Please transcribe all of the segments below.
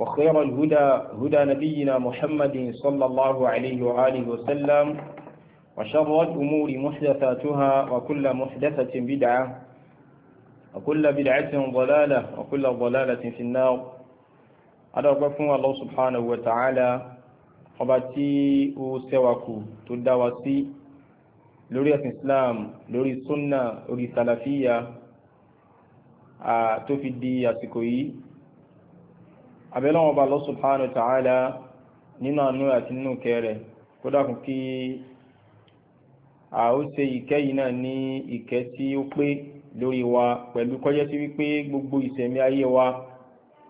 وخير الهدى هدى نبينا محمد صلى الله عليه وآله وسلم وشر الأمور محدثاتها وكل محدثة بدعة وكل بدعة ضلالة وكل ضلالة في النار أدركم الله سبحانه وتعالى قبتي سواكو تدوسي لوري الإسلام لوري السنة لوري السلفية تفدي أسكوي abẹ́lọ́wọ́ bá Allah subhanahu wa ta'ala nínú àánú àti nínú kẹrẹ kó dákun kí a ó ṣe ìkẹ́ yìí náà ní ìkẹ́ tí ó pé lórí wa pẹ̀lú kọjá sí wípé gbogbo ìṣẹ̀mí ayé wa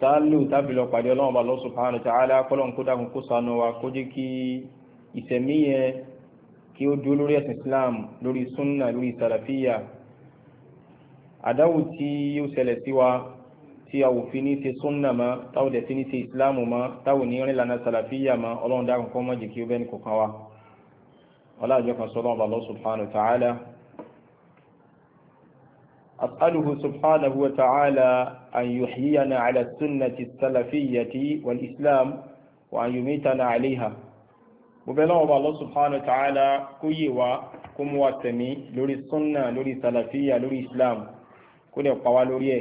tá a lò tábì lọ pàdé ọlọ́wọ́ kọ́lọ́n kó kó ṣàánú wa kó jẹ́ kí ìṣẹ̀mí yẹn kí ó dúró lórí ẹ̀sìn Islam lórí sunna lórí sàlàfíà àdáwò tí ó ṣẹlẹ̀ sí wa tí a ò fi ní ṣe súnnà mọ́ táwọn dẹ̀ fi ní ṣe ìsìláàmù mọ́ táwọn ní rìn lànà sàlàfíyà mọ́ ọlọ́run dákun kọ́ mọ́ jì kí ó bẹ́ẹ̀ ní kò kan wa ọlọ́àjọ kan sọ́lọ́ ọba Allah subhanahu wa ta'ala أسأله سبحانه وتعالى أن يحيينا على السنة السلفية والإسلام وأن يميتنا عليها وبلغ الله سبحانه وتعالى كيوا كم واتمي لوري السنة لوري السلفية لوري الإسلام كل قوى لوريه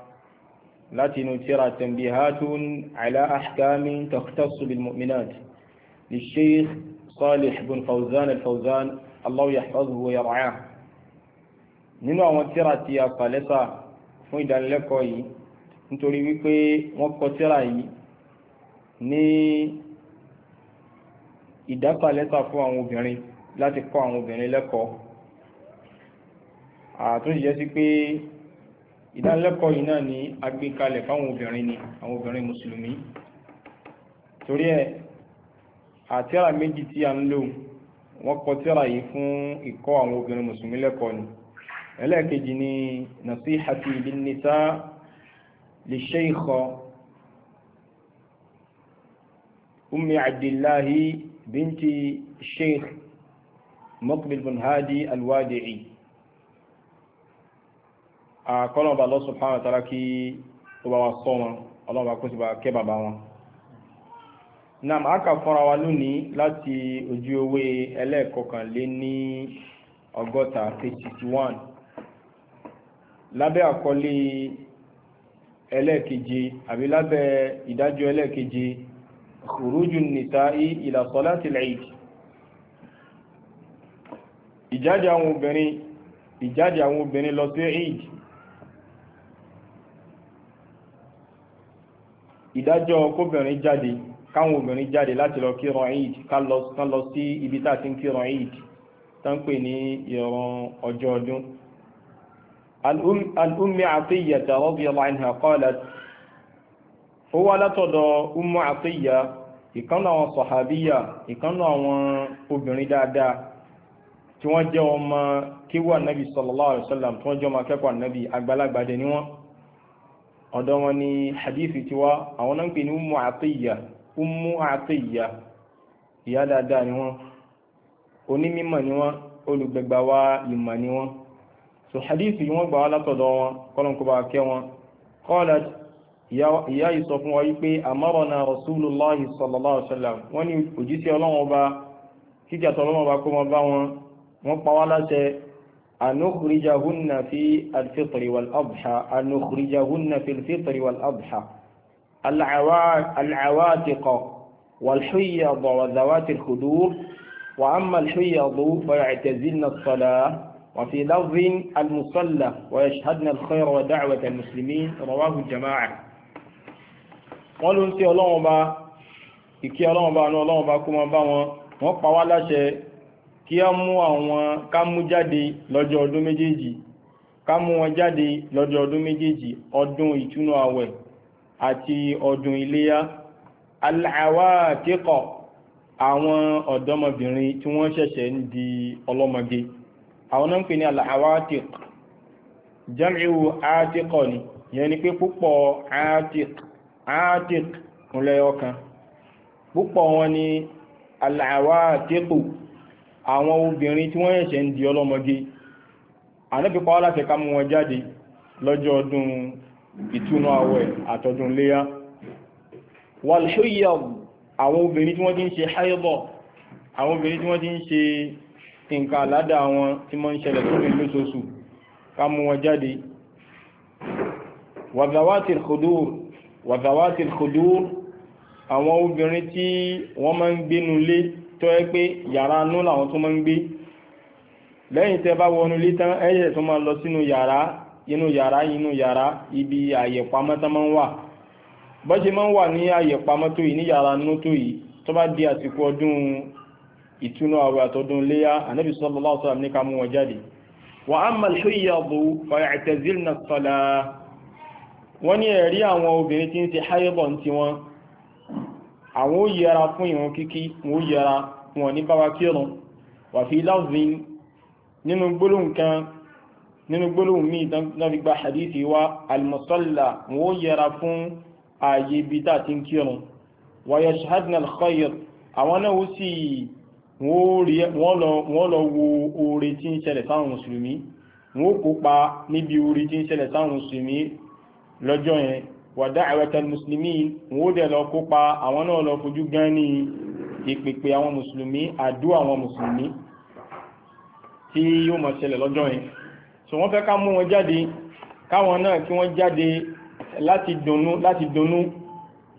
látinú tíra tanbihatun ala ahkamin takhtassu bil mu'minat li sheikh salih bin fawzan al-fawzan allah yahfazuhu wa yar'ah nínú àwọn tíra tí a pàlẹ́sà fún ìdánilẹ́kọ̀ọ́ yìí nítorí wípé wọ́n kọ tíra yìí ní ìdápàlẹ́sà fún àwọn obìnrin láti kọ́ àwọn obìnrin lẹ́kọ̀ọ́ ìdánilẹ́kọ̀ọ́ yìí náà ni a gbé kalẹ̀ fáwọn obìnrin ni àwọn obìnrin mùsùlùmí torí ẹ̀ àtírà méjì tí a ń lò wọ́n kọ tírà yìí fún ìkọ́ àwọn obìnrin mùsùlùmí lẹ́kọ̀ọ́ ni ẹlẹ́ẹ̀kejì ni nasihati linnisa lisheikh ummi abdillahi binti sheikh mokbil hadi alwadi'i àkọ́lọ̀bà Allah subhanahu wa ta'ala kí ó bá wa sọ wọn ọlọ́ọ̀bà kó sì bá kẹ́ bàbá wọn nam aka fọ́nra wa lónìí láti ojú ewé ẹlẹ́ẹ̀kọkànlé ní ọgọ́ta eighty one lábẹ́ àkọlé ẹlẹ́ẹ̀keje àbí lábẹ́ ìdájọ́ ẹlẹ́ẹ̀keje khuruju nisa'i ila salati al-eid àwọn obìnrin ìjáde àwọn obìnrin lọ sí eid ìdájọ́ kóbìnrin jáde káwọn obìnrin jáde láti lọ kírun eid ká lọ sí ibi tá a ti ń kírun eid tó pè ní ìran ọjọ́ ọdún. al-ummi atiyata radiyallahu anha qalat ó wá látọ̀dọ̀ ummu atiya ìkànnà àwọn sọ̀hábíyà ìkànnà àwọn obìnrin dáadáa tí wọ́n jẹ́ ọmọ kíwà nabi sallallahu alaihi tí wọ́n jẹ́ nabi ni ọ̀dọ̀ wọn ni hadith ti wá àwọn náà ń pè ní Ummu Atiyya Ummu Atiyya ìyá dáadáa ni wọ́n onímímọ̀ ni wọ́n olùgbẹ̀gbà wa ìmọ̀ ni won so hadith yìí wọ́n gbà wá látọ̀dọ̀ wọn kọ́lọ̀nkọ́bà kẹ́ wọn kọ́lá ìyá yìí sọ fún wa wípé amarana rasulullahi sallallahu alaihi wasallam wọ́n ní òjíṣẹ́ ọlọ́wọ́n ọba kíkẹ́ àtọ̀lọ́wọ́n ọba kó wọn bá wọn wọ́n pa wá láṣẹ أنخرجهن في الفطر والأضحى أنخرجهن في الفطر والأضحى العواتق والحيض وذوات الخدور وأما الحيض فيعتزلن الصلاة وفي لفظ المصلى ويشهدن الخير ودعوة المسلمين رواه الجماعة قالوا انت الله با ìkí ọlọ́run bá ní ọlọ́run bá kú mọ́ bá wọn wọ́n pa wá láṣẹ kí a mú àwọn ká mú jáde lọ́jọ́ ọdún méjèèjì ká mú wọn jáde lọ́jọ́ ọdún méjèèjì ọdún ìtúnú àwẹ̀ àti ọdún iléyá aláwàtíkọ̀ àwọn ọ̀dọ́mọbìnrin tí wọ́n ṣẹ̀ṣẹ̀ ń di ọlọ́mọge àwọn náà ń pè ní àwọn obìnrin tí wọ́n ẹ̀ṣẹ̀ ń di ọlọ́mọge ànábìpá aláṣẹ ká mú wọn jáde lọ́jọ́ ọdún ìtúnú àwẹ̀ àtọdún léyá wàlúṣóyà àwọn obìnrin tí wọ́n ti ń ṣe háyọ́bọ̀ àwọn obìnrin tí wọ́n ti ń ṣe nǹkan àládà wọn tí mọ́ ń ṣẹlẹ̀ tó rìn lóṣooṣù ká mú wọn jáde tó yẹ pé yàrá nú làwọn tó máa ń gbé lẹ́yìn tẹ́ bá wọnú ilé tán ẹ̀yẹ̀ tó máa lọ sínú yàrá inú yàrá inú yàrá ibi àyẹ̀pamọ́ tán máa ń wà bọ́ ṣe máa ń wà ní àyẹ̀pamọ́ tó yìí ní yàrá nú tó yìí tó bá di àsìkò ọdún ìtúnú àwẹ̀ àtọ́dún léyà ànábì sallallahu alaihi wasallam ká mú wọn jáde wa amma al-hayyadu fa ya'tazilna as-salah wọ́n ní ẹ̀rí àwọn obìnrin tí ń ṣe háyẹ́bọ̀ ń ti wọn àwọn ó yẹra fún ìrun kíkí wọn ó yẹra fún ọ̀ní bá wa kírun wà fi láwùzín nínú gbólóhùn kan nínú gbólóhùn míì náà fi gba hadisi wa almusalla wọn ó yẹra fún ààyè ibi tá a ti ń kírun wa yashhadna alkhayr lọ́jọ́ yẹn wàdá àwẹ̀tẹ̀ mùsùlùmí wọ́n ó dẹ̀ lọ kópa àwọn náà lọ fojú gan ní ìpèpè àwọn mùsùlùmí àdúà àwọn mùsùlùmí tí yóò máa ṣẹlẹ̀ lọ́jọ́ yẹn so wọ́n fẹ́ ká mú wọn jáde káwọn náà kí wọ́n jáde láti dunnú láti dunnú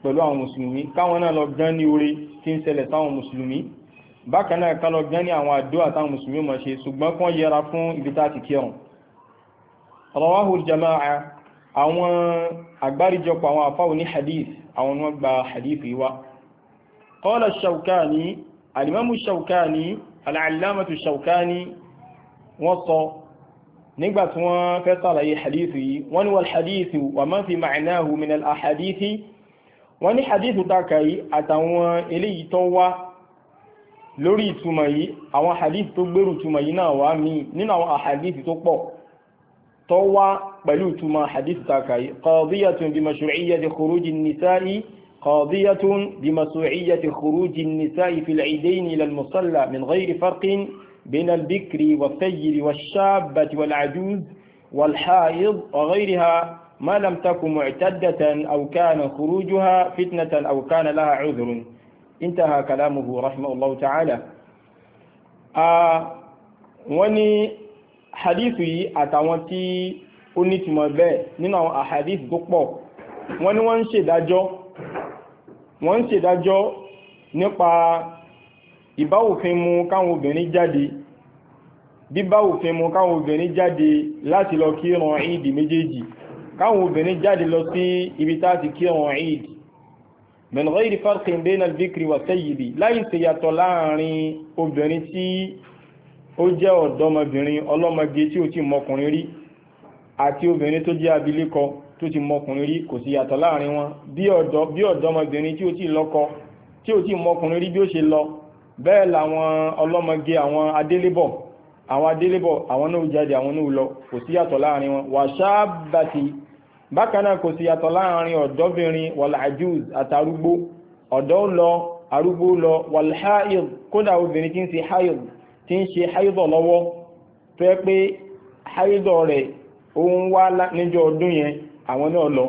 pẹ̀lú àwọn mùsùlùmí káwọn náà lọ gan ní oore tí ń ṣẹlẹ̀ sáwọn mùsùlùmí bákan náà ká lọ gan ní àwọn àdúà àwọn àgbáríjọpọ̀ àwọn àfáwọn ní hadith àwọn wọn gba hadith yìí wá qala Shawkani alimamu Shawkani al'alamatu Shawkani wọ́n sọ nígbà tí wọ́n fẹ́ sàlàyé hadith yìí wọ́n ní wal hadith wa ma fi ma'nahu min al wọ́n ní hadith takayi àtàwọn eléyìí tó wá lórí ìtumọ̀ yìí àwọn hadith tó gbèrú ìtumọ̀ yìí náà wá mí nínú àwọn ahadith tó pọ̀ طوى بلوتما حديث تاكاي قاضية بمشروعية خروج النساء قاضية بمشروعية خروج النساء في العيدين إلى المصلى من غير فرق بين البكر والثير والشابة والعجوز والحائض وغيرها ما لم تكن معتدة أو كان خروجها فتنة أو كان لها عذر انتهى كلامه رحمه الله تعالى آه وني hadithu yìí àtàwọn tí ó nítumọ̀ bẹ́ẹ̀ nínú àwọn ahadith tó pọ̀ wọ́n ní wọ́n ń ṣèdájọ́ wọ́n ń ṣèdájọ́ nípa ìbáwòfin mu káwọn obìnrin jáde bíbáwòfin mu káwọn obìnrin jáde láti lọ kírun ìdì méjèèjì káwọn obìnrin jáde lọ sí ibi tá ti kírun ìdì min ghayri farqin bayna al-bikri wa sayyidi láì ṣèyàtọ̀ láàrin obìnrin tí ó jẹ́ ọ̀dọ́mọbìnrin ọlọ́mọge tí ó ti mọkùnrin rí àti obìnrin tó jẹ́ abilékọ tó ti mọkùnrin rí kò sí yàtọ̀ láàrin wọn bí ọ̀dọ́ bí ọ̀dọ́mọbìnrin tí ó ti lọ́kọ tí ó ti mọkùnrin rí bí ó ṣe lọ bẹ́ẹ̀ làwọn ọlọ́mọge àwọn adélébọ̀ àwọn adélébọ̀ àwọn náà jáde àwọn náà lọ kò sí yàtọ̀ láàrin wọn wàṣáàbàtì bákan náà kò sí yàtọ̀ láàrin ọ̀dọ́bìnrin wàlàjúz àtàrúgbó ọ̀dọ́ lọ arúgbó lọ wàlháìl kódà obìnrin tí ń ṣe háìl tí ń ṣe háìdọ̀ lọ́wọ́ tó yẹ pé háìdọ̀ rẹ̀ ó ń wá níjọ́ ọdún yẹn àwọn náà lọ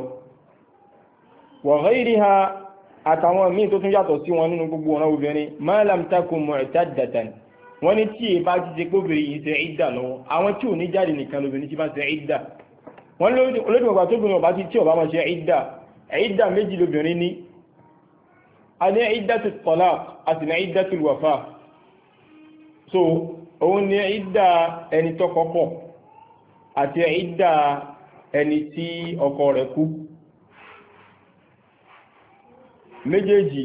wa ghayriha àtàwọn míì tó tún yàtọ̀ sí wọn nínú gbogbo ọ̀nà obìnrin ma lam takun mu'taddatan wọ́n ní tí èbá ti ṣe kóbìnrin yìí ṣe ìdà lọ́wọ́ àwọn tí ò ní jáde nìkan lóbìnrin tí bá ṣe ìdà wọ́n lódì tó bìnrin ọ̀bá ti tí ọ̀bá máa ṣe ìdà ìdà méjì lóbìnrin ní a ní ìdà tó talaq a sì ní ìdà tó wàfà so òun ni ìdá ẹni tọ́kọ pọ̀ àti ìdá ẹni tí ọkọ rẹ̀ kú méjèèjì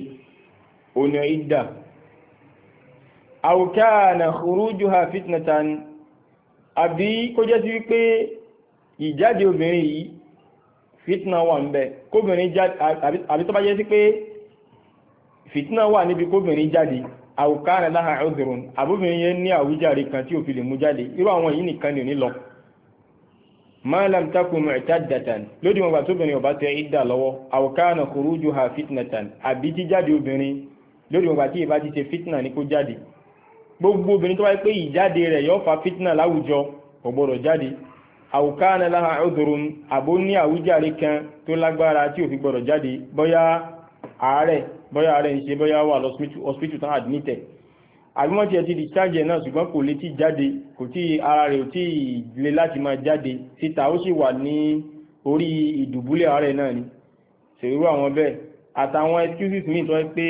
òun ni ìdá aw kana khurujuha fitnatan àbí kó jẹ́ sí wípé ìjáde obìnrin yìí fitna wà ń bẹ kóbìnrin jáde àbí tó bá jẹ́ sí pé fitna wà níbi kóbìnrin jáde àwùkárẹ̀ láhà ọ̀dùrùn àbúfin yẹn ní àwùjáre kan tí òfin lè mú jáde irú àwọn yìí nìkan ni ò ní lọ malam takun lódì wọn bá tóbìnrin ọba tẹ ìdá lọ́wọ́ àwòkánà khurujuha fitnatan àbí jíjáde obìnrin lódì wọn bá tí ìbá ti ṣe fitna ní kó jáde gbogbo obìnrin tó wáyé pé ìjáde yóò fa fitna láwùjọ kò gbọdọ̀ jáde àwòkánà láha udhrun àbó ní bóyá rẹ̀ ń ṣe bóyá wà lọ́spítù tán admitted àbí wọ́n ti ẹ̀ ti discharge náà ṣùgbọ́n kò lè ti jáde kò tí ara rẹ̀ ò tí ì le láti máa jáde síta ó sì wà ní orí ìdùbúlẹ̀ ààrẹ náà ni ṣèrú àwọn bẹ́ẹ̀ àtàwọn excuses míì tó ẹ pé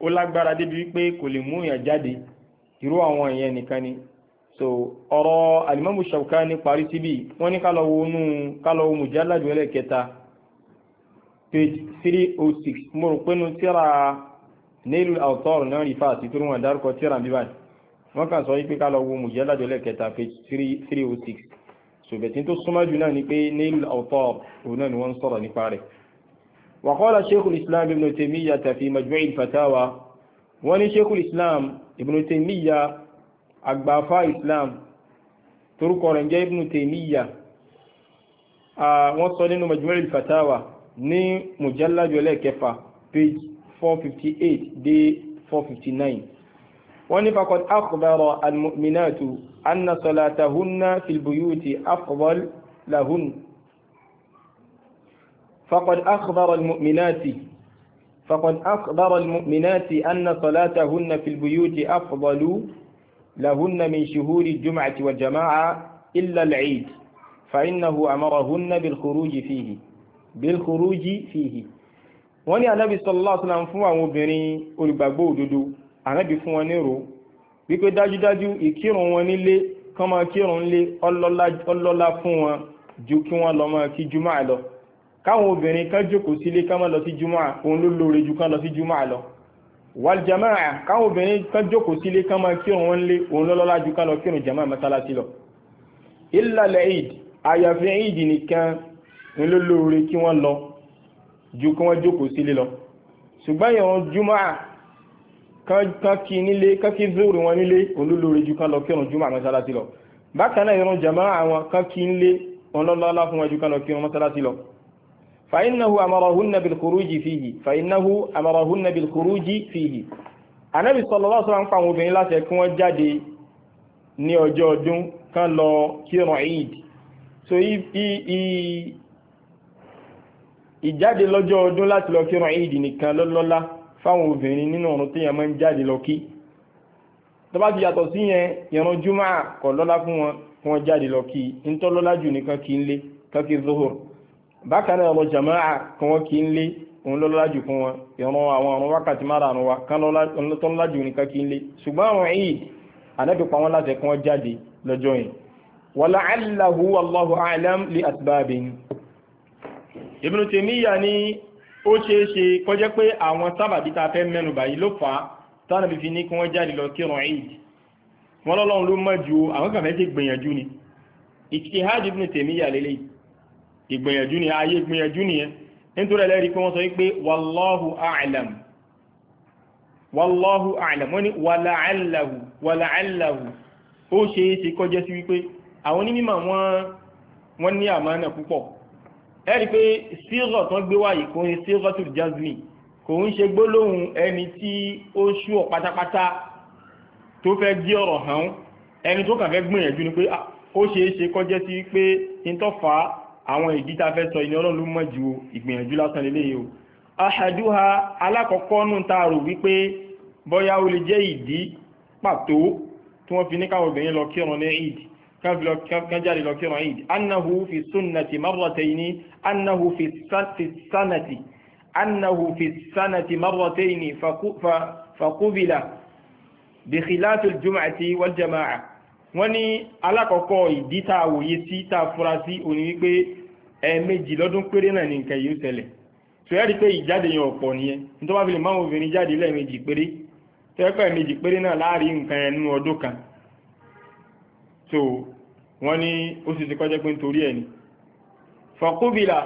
ó lágbára débi wípé kò lè mú èèyàn jáde irú àwọn èèyàn nìkan ni so ọ̀rọ̀ Alimamu Shawkani parí síbi wọ́n ní kálọ̀ wo nú kálọ̀ wo mùjáládùn ẹlẹ́kẹta page 306 mo rò pé nu tíra nílù àwùtọ́rù náà rí fáàsì tó wọn dárúkọ tíra bíbá wọn kàn sọ wípé ká lọ wo mùjẹ́lájọ́ lẹ́kẹta page 306 ṣùgbẹ́tí tó súnmọ́ jù náà ni pé nílù àwùtọ́rù òun náà ni wọ́n ń sọ̀rọ̀ nípa rẹ̀ وقال شيخ الإسلام ابن تيمية في مجموع الفتاوى وني شيخ الإسلام ابن تيمية أقبافا إسلام تركوا رنجا ابن تيمية آه وصل مجموع الفتاوى ni mujalla jole kefa page 458 de 459 wani fakot akhbara almu'minatu anna salatahunna fil buyuti afdal lahun فقد أخبر المؤمنات فقد أخبر المؤمنات أن صلاتهن في البيوت أفضل لهن من شهور الجمعة والجماعة إلا العيد فإنه أمرهن بالخروج فيه bilkuruji fihi wọ́n ní anábì sallallahu alaihi wasallam fún àwọn obìnrin olùgbàgbọ́ òdodo anábì fún wọn nírò wípé dájúdájú ìkírun wọn nílé kán máa kírun lé ọlọ́lá fún wọn ju kí wọ́n lọ máa kí jùmọ̀ lọ káwọn obìnrin kan jókòó sílé kán máa lọ sí jùmọ̀ òun ló lóore ju kán lọ sí jùmọ̀ lọ wal jamaa káwọn obìnrin kan jókòó sílé kán máa kírun wọn lé òun lọ́lọ́lá ju kán lọ kírun jamaa mọ́sálásí lọ illa al-eid àyàfi eid nìkan ní ló lóore kí wọ́n lọ ju kí wọ́n jókòó sílé lọ ṣùgbọ́n ìrun júmọ́ à kan kí nílé kan kí zóòrò wọn nílé òun ló lóore ju kan lọ kí ìrun júmọ́ à mọ́sálásí lọ bákan náà ìrun jàmọ́ àwọn kan nílé ọlọ́lọ́lá fún wọn ju kan lọ kí ìrun mọ́sálásí lọ فإنه أمرهن بالخروج فيه فإنه أمرهن بالخروج فيه Ànábì sallallahu alaihi wasallam fáwọn obìnrin láti kí wọ́n jáde ní ọjọ́ ọdún kan lọ kírun Eid so ìjáde lọ́jọ́ ọdún láti lọ kírun ìdì nìkan lọ́lọ́lá fáwọn obìnrin nínú ọ̀run tí yẹn máa ń jáde lọ kí tó bá ti yàtọ̀ sí yẹn ìrun júmọ́ kọ̀ lọ́lá fún wọn fún wọn jáde lọ kí ń tọ́ lọ́lá jù nìkan kí ń lé kọ́kí zohor bákan náà lọ jàmáà kan wọn kí ń lé òun lọ́lá jù fún wọn ìrun àwọn ọ̀run wákàtí márùn-ún wa kan lọ́lá jù nìkan kí ń lé ṣùgbọ́n àwọn ìd ànábì pa wọn láti kí wọn jáde lọ́jọ́ yẹn wàlá àlàhù wallahu a'lam li asbabin Ibn Taymiyyah ní ó ṣeé ṣe kó jẹ́ pé àwọn sábàbí tá a fẹ́ mẹ́nu báyìí ló fà á tánà bí fi ní kí wọ́n jáde lọ kírun Eid wọ́n lọ́lọ́run ló mọ̀ ju àwọn kan fẹ́ gbìyànjú ni ijtihad Ibn Taymiyyah lélẹ́yìí ìgbìyànjú ni ayé ìgbìyànjú ni nítorí ẹlẹ́rìí pé wọ́n sọ wípé wallahu a'lam wallahu a'lam wọ́n ni wala'allahu wala'allahu ó ṣe é ṣe kọjẹ́ sí wípé àwọn onímọ̀ wọ́n ní àmánà púpọ̀ ẹ̀rí pé sírọ̀ tán gbé wáyé kò ń sírọ̀ tó jazmi kò ń ṣe gbólóhùn ẹni tí ó ṣú ọ̀ pátápátá tó fẹ́ gé ọ̀rọ̀ hàn ẹni tó kàn fẹ́ gbìyànjú ni pé ó ṣeé ṣe kọjẹ́ sí pé ìtọ́fà àwọn ìdí tá fẹ́ sọ ìní ọlọ́run mọ̀ ju ìgbìyànjú lásán lélẹ́yìí o aṣàdúhà alákọ̀ọ́kọ́ nù tá a rò wípé bọ́yá ó lè jẹ́ ìdí pàtó tí wọ́n fi ní káwọn obìnrin lọ kírun ní ìdí kájáde lọ kírun eid annahu fi sunnati marrataini annahu fi sanati annahu fi sanati marrataini fakubila bi khilafi jum'ati wal jama'a wọ́n ní alákọ̀ọ́kọ́ ìdí tá a wòye sí tá a fura sí òní wípé ẹ̀ẹ̀mejì lọ́dún péré náà ní nǹkan yìí ṣẹlẹ̀ tó yẹ́ rí pé ìjáde yẹn ọ̀pọ̀ nìyẹn nítorí wọ́n fi lè máa so wọ́n ní ó sì ti kọjẹ́ pé nítorí ẹ̀ ni fọ̀kúbìlà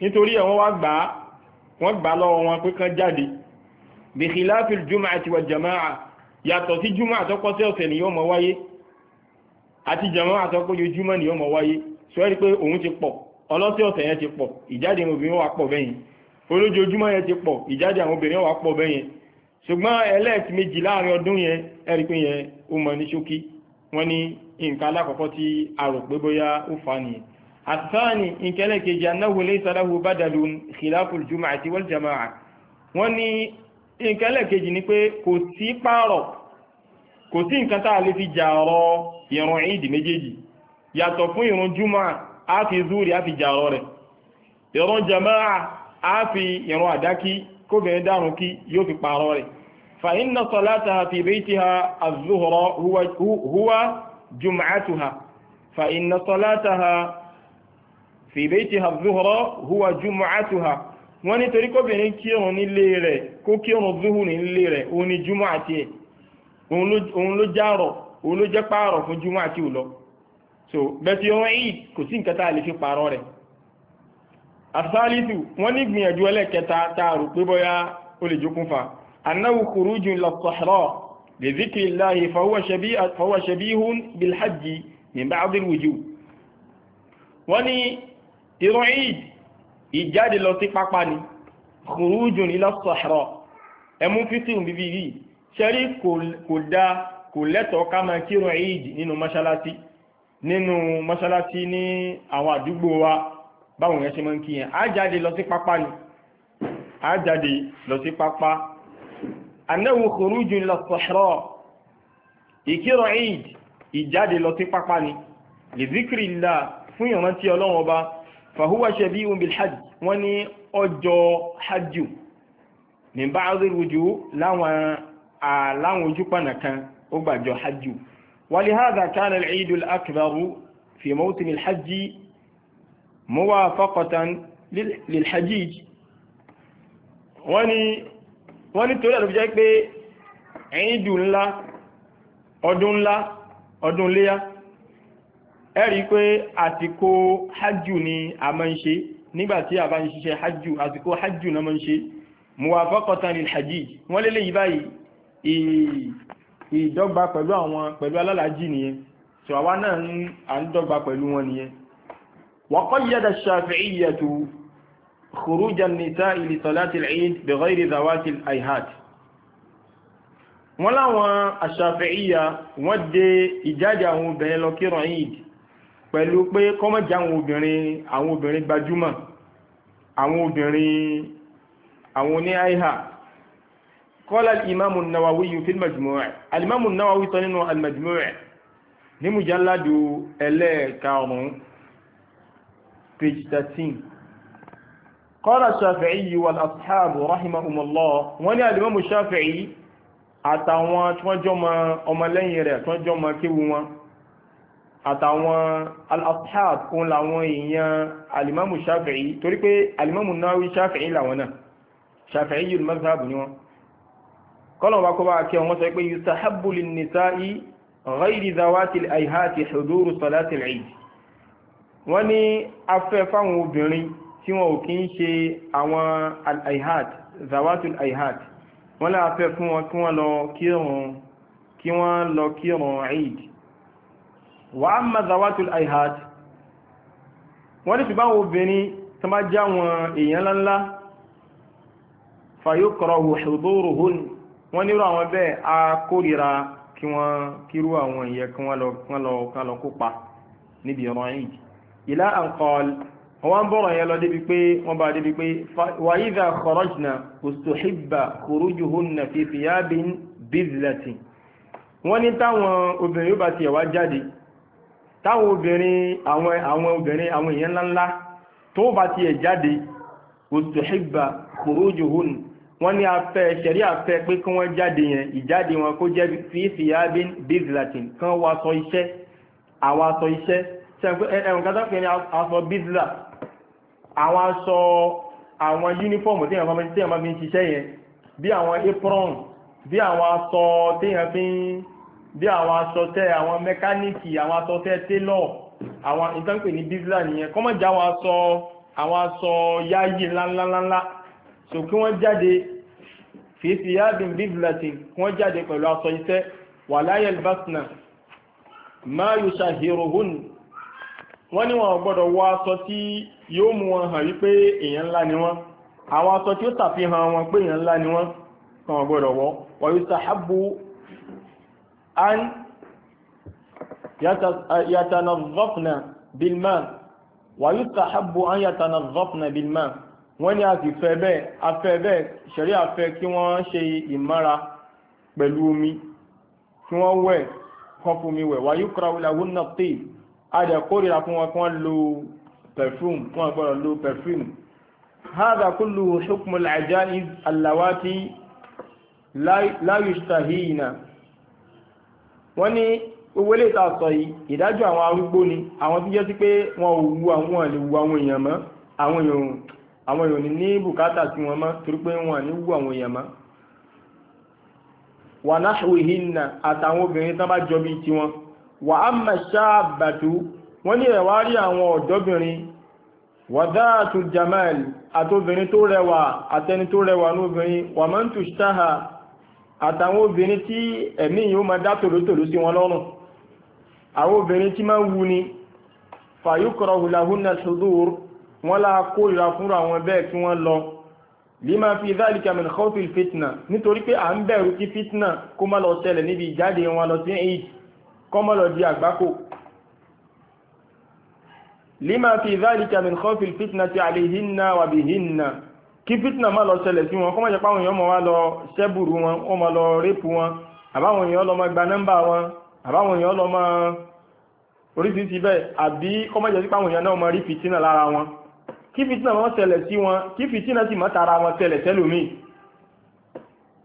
nítorí ẹ̀ wọ́n wá gbà á wọ́n gbà á lọ́wọ́ wọn pé kán jáde bi khilafil jumu'ati wal jama'a yàtọ̀ sí júmọ́ àtọ́kọ́ sí ọ̀sẹ̀ ni yóò mọ̀ wáyé àti jàmọ́ àtọ́kọ́ jojúmọ́ ni yóò mọ̀ wáyé sọ ẹ́ rí pé òun ti pọ̀ ọlọ́sẹ̀ ọ̀sẹ̀ yẹn ti pọ̀ ìjáde nǹkan alákọ̀ọ́kọ́ tí a rò pé bóyá ó fa nìyẹn àtàní ìkẹlẹ̀ kejì annahu laysa lahu badalun khilaful jumu'ati wal jama'a wọ́n ní ìkẹlẹ̀ kejì ni pé kò sí pààrọ̀ kò sí nǹkan tá a lè fi jàrọ ìrun ìdì méjèèjì yàtọ̀ fún ìrun jumu'a a fi fa inna salataha fi baytiha az-zuhra huwa جمعتها فإن صلاتها في بيتها الظهر هو جمعتها wọ́n ní torí kóbìnrin kírun nílé rẹ̀ kó kírun zuhu nílé rẹ̀ òun ni júmọ́ àti ẹ̀ òun ló járọ̀ òun ló jẹ́ pààrọ̀ fún júmọ́ àti òlọ so bẹ́tí wọ́n yìí kò sí nǹkan tá a lè fi pààrọ̀ rẹ̀ àtàlítù wọ́n ní gbìyànjú ẹlẹ́kẹta tá a rò pé bóyá ó lè jókun fa anáwó kùrú jù lọ sọ̀rọ̀ لذكر الله فهو شبيه, فهو شبيه بالحج من بعض الوجوه وني إرعيد إجاد لو تقاقاني خروج إلى الصحراء أمو فيتهم ببيبي شريف كل كل دا كل كما كيرعيد عيد نينو مشالاتي نينو مشالاتي ني أوا دبوا باون يشمن كيان أجاد لو تقاقاني أجاد لو annahu khurujun ila sahra ìkírọ̀ eid ìjáde lọ sí pápá ni li dhikrillah fún ìrántí ọlọ́run ọba fahuwa shabihun bil hajj wọ́n ní ọjọ́ hajj min ba'dhi wujuh láwọn àláwọn ojú pànà kan ó gbàjọ hajj ولهذا كان العيد الأكبر في موسم الحج موافقة للحجيج wọ́n ní wọ́n ní torí àtọ́fíjẹ́ pé ẹ̀yìn jù ńlá ọdún ńlá ọdún léyá ẹ̀rí pé àsìkò hajjù ni a máa ń ṣe nígbàtí a bá ń ṣiṣẹ́ hajjù àsìkò hajjù náà máa ń ṣe muwafaqatan lil hajij wọ́n lé léyìí báyìí ìdọ́gba pẹ̀lú àwọn pẹ̀lú alálàájì nìyẹn خروج النساء لصلاة العيد بغير ذوات الأيهات wọ́n الشافعية ودي wọ́n dé ìjáde àwọn obìnrin lọ kírun eid pẹ̀lú pé kọ́mọ̀já àwọn obìnrin àwọn obìnrin gbajúmọ̀ àwọn obìnrin àwọn oní àìhà kọ́lá ìmáàmù Nawawi yìí fil majmu' alimáàmù Nawawi tọ́ nínú al-majmu' ní mujalladu ẹlẹ́ẹ̀karùn-ún page 13 قال الشافعي والأصحاب رحمهم الله وني الإمام الشافعي àtàwọn tí wọ́n jọmọ ọmọlẹ́yìn rẹ̀ tí wọ́n jọmọ kéwu wọn àtàwọn al-ashab òun làwọn èèyàn alimamu shafi'i torí pé alimamu nawawi shafi'i làwọn náà shafi'i yìí mazhabu ni wọn kọ́lọ̀ wa kó bá kí pé tí wọn ò kí ń ṣe àwọn al-aihat zawatul aihat wọ́n láà fẹ́ fún wọn kí wọ́n lọ kírun kí wọ́n lọ kírun eid wa amma zawatul aihat wọ́n ní ṣùgbọ́n obìnrin tó bá já wọn èèyàn ńláńlá fa yukrahu huduruhun wọ́n nírò àwọn bẹ́ẹ̀ a kórìíra kí wọ́n kírú àwọn ìyẹn kí wọ́n lọ kópa níbi ìran eid ila an wọ́n ń bọ̀rọ̀ yẹn lọ débi pé wọ́n bá débi pé wa idha kharajna ustuhibba khurujuhunna fi thiyabin bizlati wọ́n ní táwọn obìnrin yóò bá tiẹ̀ wá jáde táwọn obìnrin àwọn àwọn obìnrin àwọn èèyàn ńláńlá tó bá tiẹ̀ jáde ustuhibba khurujuhun wọ́n ní afẹ́ ṣẹ̀rí afẹ́ pé kí wọ́n jáde yẹn ìjáde wọn kó jẹ́ fi àwọn aṣọ àwọn yúnífọ́ọ̀mù tí èèyàn máa fi ń ṣiṣẹ́ yẹn bí àwọn apron bí àwọn aṣọ téèyàn fi ń bí àwọn aṣọ tẹ àwọn mẹkáníìkì àwọn aṣọ tẹ télọ̀ àwọn ìtànpè ní bísílà nìyẹn kọ́mọ̀ já àwọn aṣọ àwọn aṣọ yáyí ńláńláńlá so kí wọ́n jáde fèsì yáàbìn bísílà tí wọ́n jáde pẹ̀lú aṣọ iṣẹ́ wà láyé basna máa yóò ṣàhìrò hún wọ́n ní wọn gbọ́dọ̀ wọ aṣọ tí yóò mú wọn hàn wípé èèyàn ńlá ni wọ́n àwọn aṣọ tí ó ṣàfihàn wọn pé èèyàn ńlá ni wọ́n kan gbọ́dọ̀ wọ́ wa yustahabbu an yatanazzafna bilma wa yustahabbu an yatanazzafna bilma wọ́n ní a sì fẹ́ bẹ́ẹ̀ afẹ́ bẹ́ẹ̀ ṣẹ̀rí àfẹ́ kí wọ́n ṣe ìmára pẹ̀lú omi kí wọ́n wẹ̀ kọ́fù mi wẹ̀ wáyé kúrò láwùn náà tí a dẹ̀ kórìíra fún wọn kí wọ́n lo perfume wọ́n gbọ́dọ̀ lo perfume hádà kúlù ṣùkùnmù àjáì aláwátí láyùsàhìnà wọ́n ní owó lè tàṣọ ìdájọ́ àwọn arúgbó ni àwọn tí jẹ́ sí pé wọn wu àwọn lè àwọn èèyàn mọ́ àwọn èèyàn ní bùkátà sí wọn mọ́ torí pé wọn ní wu àwọn èèyàn mọ́ wà náà ṣòwò ìhìnà àtàwọn obìnrin tán bá jọ bí tiwọn wà á mọ̀ wọ́n ní ẹ̀wá rí àwọn ọ̀dọ́bìnrin wàdáàtù jamal àtobìnrin tó rẹwà àtẹni tó rẹwà ní obìnrin wà mọ́ ń tù ṣáhà àtàwọn obìnrin tí ẹ̀mí yìí ó máa dá tòlótòló sí wọn lọ́rùn àwọn obìnrin tí máa wù ni fàyúkọ̀rọ̀ hùlàhùnà ṣùdúr wọ́n láà kó di àgbákò lima fi dhalika min khawfi alfitnati alayhinna wa bihinna kí fitna má lọ ṣẹlẹ̀ sí wọn kó má jẹ́ páwọn èèyàn mọ̀ wá lọ ṣẹ́bùrú wọn ó mọ̀ lọ rẹ́pù wọn àbáwọn èèyàn lọ mọ gba nọ́mbà wọn àbáwọn èèyàn lọ mọ oríṣiríṣi bẹ́ẹ̀ àbí kó má jẹ́ sí páwọn èèyàn náà mọ rí fìtínà lára wọn kí fìtínà má ṣẹlẹ̀ sí wọn kí fìtínà sì má tara wọn ṣẹlẹ̀ tẹ́lómi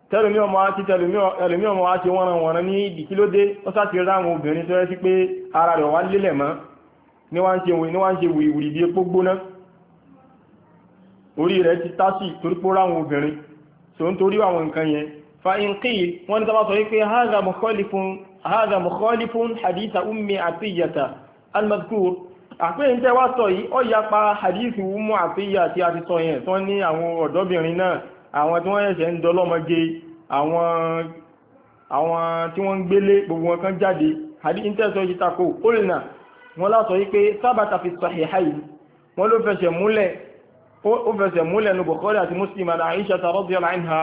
tẹ́lómi ọmọ wa ti tẹ́lómi ọmọ wa ti wọ́n ran wọ̀n ní ìdí kí ló dé ti rá àwọn obìnrin tó yẹ sí ara rẹ̀ wá lélẹ̀ mọ́ ní wá ń ṣe wìwìrì bí epo gbóná orí rẹ̀ ti tásì torípó ráwọn obìnrin so ń torí àwọn nǹkan yẹn fa in kí wọ́n tàbá sọ wípé haza mukhalifun haditha ummi atiyata al-madhkur àpéyìn tẹ́ wá sọ yìí ó yapa hadithi umu atiya tí a ti sọ yẹn tó ní àwọn ọ̀dọ́bìnrin náà àwọn tí wọ́n ẹ̀ṣẹ̀ ń dọlọ́mọge àwọn tí wọ́n gbélé gbogbo wọn kan jáde hadith tẹ́ sọ yìí tako kólìnà wọ́n látọ̀ yí pé sábàtà fi sahihayn wọ́n ló fẹsẹ̀ múlẹ̀ ó fẹsẹ̀ múlẹ̀ ní Bukhari àti Muslim àti Aisha radhiyallahu anha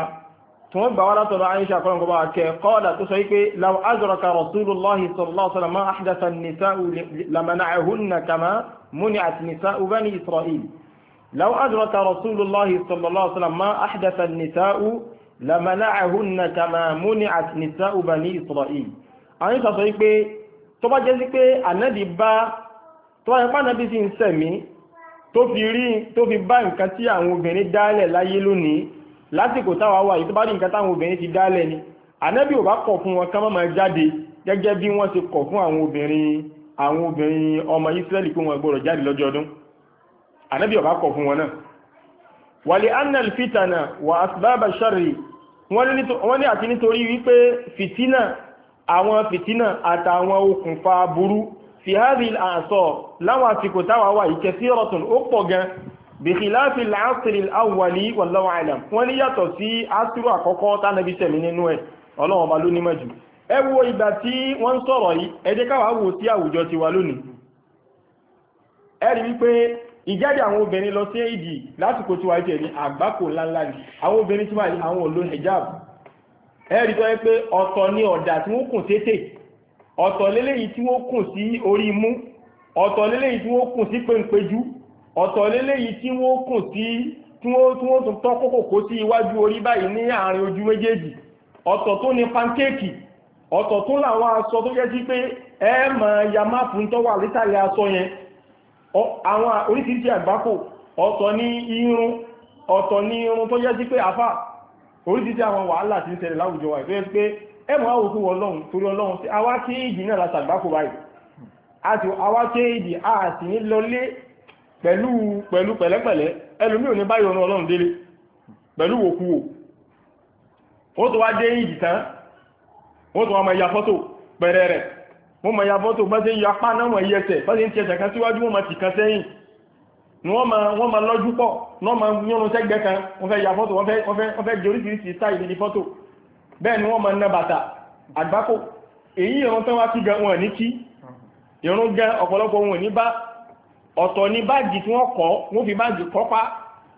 tí wọ́n gbà wá látọ̀rọ̀ Aisha kọ́nà kọ́bà kẹ́ qala tó sọ yí pé law adraka Rasulullahi sallallahu alaihi wasallam ma ahdatha an-nisa'u lamana'ahunna kama muni'at nisa'u bani Isra'il law adraka Rasulullahi sallallahu alaihi wasallam ma ahdatha tó bá jẹ́ sí pé ànábì bá tó bá jẹ́pá ànábì sí ń sẹ̀mí tó fi rí tó fi bá nǹkan tí àwọn obìnrin dálẹ̀ láyé lónìí lásìkò táwa wà yìí tó bá rí nǹkan táwọn obìnrin ti dálẹ̀ ni ànábì ò bá kọ̀ fún wọn ká má máa jáde gẹ́gẹ́ bí wọ́n ṣe kọ̀ annal fitana wà asbábà sharri wọ́n ní àti nítorí wípé fitina àwọn fìtínà àtàwọn okùnfà burú fi hadhihi al-a'sar láwọn àsìkò táwà wà yìí kathiratun ó pọ̀ gan bi khilafi al-'asr al-awwali wallahu a'lam wọ́n ní yàtọ̀ sí àsìrò àkọ́kọ́ tánàbí sẹ̀mí nínú ẹ̀ ọlọ́wọ́n ba ló ní mẹ́jù ẹ wo ìgbà tí wọ́n ń sọ̀rọ̀ yìí ẹ jẹ́ káwà wò sí àwùjọ hijab ẹ̀rí tó yẹ pé ọ̀tọ̀ ni ọ̀dà tí wọ́n kùn tètè ọ̀tọ̀ léléyìí tí wọ́n kùn sí orí imú ọ̀tọ̀ léléyìí tí wọ́n kùn sí péńpéjú ọ̀tọ̀ léléyìí tí wọ́n kùn sí tí tún tọ́ kókòkó sí iwájú orí báyìí ní àárín ojú méjèèjì ọ̀tọ̀ tó ni pankéèkì ọ̀tọ̀ tó làwọn aṣọ tó jẹ́ sí pé ẹ mọ̀ ya máàpù tó wà lítàlẹ̀ aṣọ yẹn àwọn oríṣiríṣi àgbákò ọ̀tọ̀ ni irun ọ̀tọ̀ ni irun tó jẹ́ sí pé àfà oríṣiríṣi àwọn wàhálà tí ń ṣẹlẹ̀ láwùjọ wa ìfẹ́ pé ẹmọ àwòkú ọlọ́run torí ọlọ́run tí awá kí ìdì náà la ṣàgbákò báyìí àti awá kí ìdì a sì ní lọlé pẹ̀lú pẹ̀lú pẹ̀lẹ́pẹ̀lẹ́ ẹlòmí ò ní báyìí ọ̀nà ọlọ́run délé pẹ̀lú wòkúwò ó tó wá dé ìdì tán ó tó wá mọ ya fọ́tò pẹ̀rẹ̀ rẹ̀ mo mọ ya fọ́tò bá ṣe ń ya apá náà mọ iye bá ṣe ń ti kan síwájú mọ́ ti kan sẹ́yìn ni wọ́n ma lọ́jú pọ̀ ní wọ́n ma yọ́nu sẹ́gbẹ́ kan wọ́n fẹ́ ya fọ́tò wọ́n fẹ́ jẹ oríṣiríṣi sáì níbi fọ́tò bẹ́ẹ̀ ni wọ́n ma ná bàtà àgbákò èyí ìrún tán wá kí gan wọn ní kí ìrún gan ọ̀pọ̀lọpọ̀ wọn ní bá ọ̀tọ̀ ní báàgì tí wọ́n kọ́ wọ́n fi báàgì kọ́pá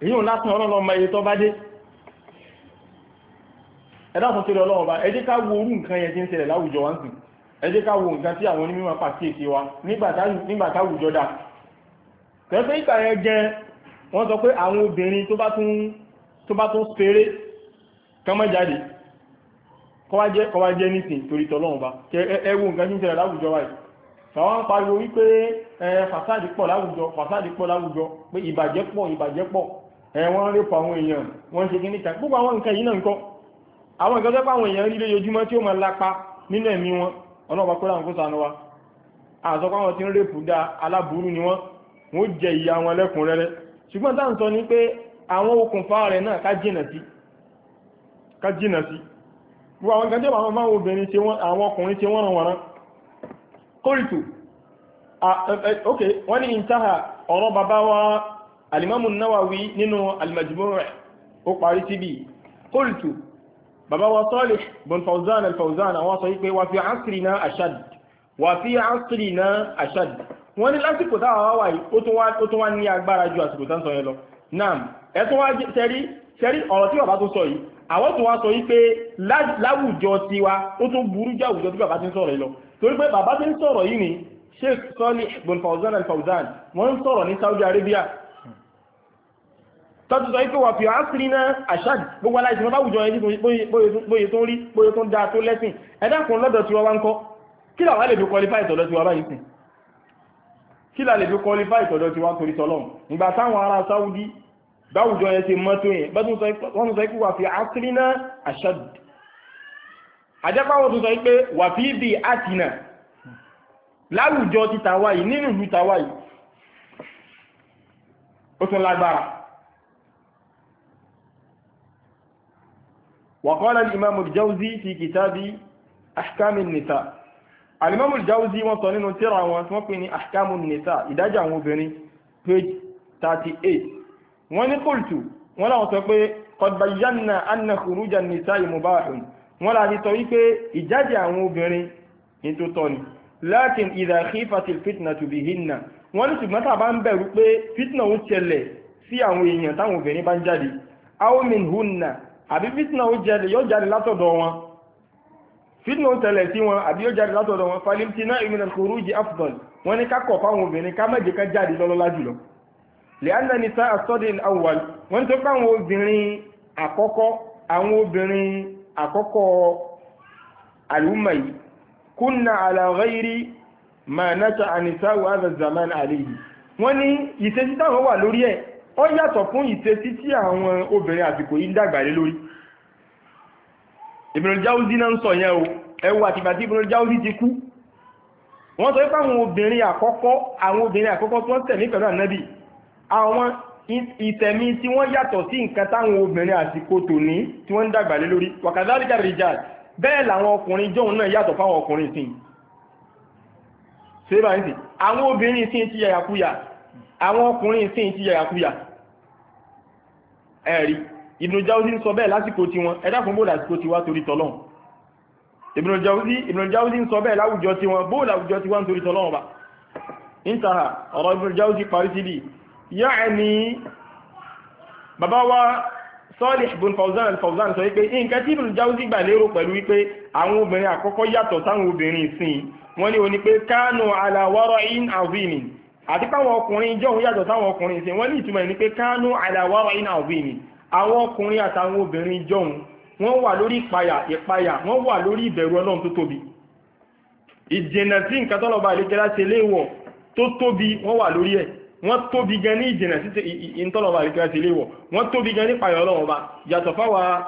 èyí ò lásán ọlọ́run ọmọ èyí tó bá dé ẹ̀dá tó tẹ́lẹ̀ ọlọ́run ọba ẹ jẹ́ ká wo orú nǹkan yẹn tí ń ṣẹlẹ̀ láwùjọ wa ń sìn ẹ jẹ́ ká wo nǹkan tí àwọn onímọ̀ pàkíyèsí wa nígbà táwùjọ dáa kẹ́sẹ̀ ìgbà yẹn jẹ́ wọ́n sọ pé àwọn obìnrin tó bá tún fèrè kánmọ́ jáde kọwàá jẹ́ nìsìn torí tọ́lọ́run bá ẹwù nǹkan tí ń tẹ̀lẹ̀ láwùjọ wáyé sàwọn pariwo wípé fàsáàdì pọ̀ láwùjọ fàsáàdì pọ̀ láwùjọ pé ìbàjẹ́ pọ̀ ìbàjẹ́ pọ̀ wọ́n rẹ́pọ̀ àwọn èèyàn wọ́n ṣe kí níta gbogbo àwọn nǹkan yìí náà nǹkan àwọn nǹkan tẹ́pọ̀ àwọn èèyàn líle yojúmọ́ tí ó máa lápa nínú ẹ̀mí wọn ọlọ́ọ̀bá kó láwọn kó sànú wa àsọpọ̀ àwọn tí ń rẹ́pù dá aláburú ni wọ́n wọ́n jẹ ìyà wọn lẹ́kùnrẹ́rẹ́ ṣùgbọ́n tá ń sọ ní pé àwọn okùnfà rẹ̀ náà ká jìnà sí ká jìnà sí gbogbo àwọn ìgbàjọ́ àwọn máa obìnrin tí wọ́n àwọn ọkùnrin tí wọ́n ràn wọ́n rán kóríkù ok wọ́n ní ìtaha ọ̀rọ̀ bàbá wa alimamu nawawi nínú almajmu' rẹ̀ ó parí síbi kóríkù wọ́n ní lásìkò táwọn wà yìí ó tún wá ní agbára ju àsìkò tán sọ yẹn lọ náà ẹ̀tún wá sẹ́rí sẹ́rí ọ̀rọ̀ tí bàbá tó sọ yìí àwọn tún wá sọ yìí pé láwùjọ tiwa ó tún burú jù àwùjọ tí bàbá ti ń sọ̀rọ̀ yìí lọ torí pé bàbá ti ń sọ̀rọ̀ yìí ni Sheikh Salih bin Fawzan al-Fawzan wọ́n ń sọ̀rọ̀ ní Saudi Arabia tọ́tù sọ wípé wà fi àásìrí náà àṣáàdì gbogbo aláìsí wọn láwùjọ ẹni bóyé tó ń rí bóyé tó ń dáa tó lẹ́sìn ẹ̀dá kan lọ́dọ̀ tiwa wá ń kọ́ kí làwọn lè fi qualify tọ̀dọ̀ tiwa báyìí sìn kí la lè fi kọlífà ìtọ̀dọ̀ tí wọ́n torí tọ́lọ́run nígbà táwọn ará Saudi báwùjọ yẹn ti mọ́ tó yẹn wọ́n sọ ikú wà fi àtìrínà àṣàd àjẹ́páwọ̀ tó sọ pé wà fi bí àtìnà láwùjọ ti tàwa yìí nínú ìlú tàwa ó tún lágbára wa qala alimami Al-Jawzi wọ́n sọ nínú tírà wọn tí wọ́n pè ní ahkamu nisa ìdájọ́ àwọn obìnrin page 38. eight wọ́n ní qultu wọ́n làwọn sọ pé qad bayyanna anna khuruja nisa'i mubahun wọ́n láti sọ wípé ìjáde àwọn obìnrin ní tó tọ́ ni lakin idha khifatil fitnatu bihinna wọ́n ní ṣùgbọ́n tá a bá ń bẹ̀rù pé fitna ó ṣẹlẹ̀ sí àwọn èèyàn táwọn obìnrin bá ń jáde aw hunna àbí fitna ó jẹlẹ̀ yóò jáde látọ̀dọ̀ wọn fitna ó tẹ̀lẹ̀ sí wọn àbí ó jáde látọ̀dọ̀ wọn falimti náà ìmìnà kòrújì afdal wọn ni ká fáwọn obìnrin ká má jẹ́ jáde lọ́lọ́lá jùlọ lẹ́yìn náà ni sáà sọ́dẹ̀ awwal wọ́n tó obìnrin àkọ́kọ́ àwọn obìnrin àkọ́kọ́ àlùmọ̀ yìí ala ma náta wà á zaman alayhi wọ́n ní ìṣesí táwọn wà lórí ó yàtọ̀ fún ìṣesí tí àwọn obìnrin àsìkò yìí dàgbà lórí Ibnul Jawzi náà ń sọ yẹn o ẹwù àtìgbà tí Ibnul Jawzi ti kú wọ́n sọ pé àwọn obìnrin àkọ́kọ́ àwọn obìnrin àkọ́kọ́ tí wọ́n tẹ̀mí pẹ̀lú ànábì àwọn ìtẹ̀mí tí wọ́n yàtọ̀ sí nǹkan táwọn obìnrin àsìkò tòní tí wọ́n ń dàgbà lé lórí wàkàtàlíkà rìjàd bẹ́ẹ̀ làwọn ọkùnrin jọ̀hún náà yàtọ̀ fáwọn ọkùnrin sí ṣébà ń sì àwọn obìnrin sí ti yàyàkúyà àwọn ọkùnrin sí ti yàyàkúyà ẹ̀rí Ibn Jawzi ń sọ bẹ́ẹ̀ lásìkò ti wọn ẹ̀dá fún bóòlù àsìkò ti wá torí tọ́lọ́n Ibn Jawzi Ibn Jawzi ń sọ bẹ́ẹ̀ láwùjọ ti wọn bóòlù àwùjọ ti wá torí tọ́lọ́n ọba intaha ọ̀rọ̀ Ibn Jawzi parí síbi yá ẹni wa Salih ibn Fawzan al-Fawzan sọ wípé nǹkan tí Ibn Jawzi gbà lérò pẹ̀lú wípé àwọn obìnrin àkọ́kọ́ yàtọ̀ sáwọn obìnrin ìsìn wọ́n ní oní pé kánù ala wara'in azimi àti páwọn ọkùnrin jọ̀hún yàtọ̀ sáwọn ọkùnrin ìsìn wọ́n ní ìtumọ̀ ní pé kánù ala wara'in azimi àwọn ọkùnrin àtàwọn obìnrin jọun wọ́n wà lórí ìpayà ìpayà wọ́n wà lórí ìbẹ̀rù ọlọ́run tó tóbi ìjìnà tí nǹkan tọ́lọ̀bà àlékẹ́lá ṣe léèwọ̀ tó tóbi wọ́n wà lórí ẹ̀ wọ́n tóbi gan ní ìjìnà sí ìntọ́lọ̀bà àlékẹ́lá ṣe léèwọ̀ wọ́n tóbi gan ní ìpayà ọlọ́run ọba yàtọ̀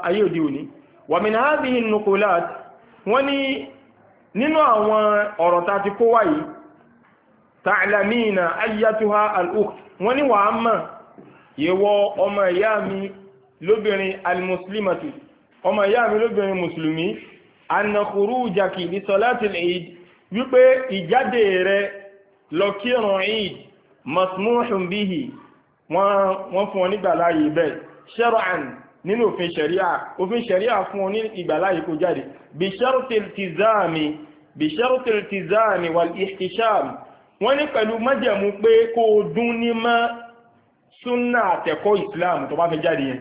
ayé òde òní wọ́n ní nínú àwọn ọ̀rọ̀ ta ti kó wáyé al wọ́n ní wàá lóbìnrin alimuslimatu ọmọ ìyá mi lóbìnrin mùsùlùmí anakuru jaki ní sọláàtì eid wípé ìjáde rẹ lọ kírun eid masmuhun bihi wọ́n fún ọ nígbà láàyè bẹ́ẹ̀ shar'an nínú òfin ṣẹ̀ríà òfin ṣẹ̀ríà fún ọ ní ìgbà láàyè kó jáde bí shartil tizami bí shartil wal ihtisham wọ́n ní pẹ̀lú májẹ̀mú pé kó dún ní mọ́ súnà àtẹ̀kọ́ ìsìláàmù tó bá fẹ́ jáde yẹn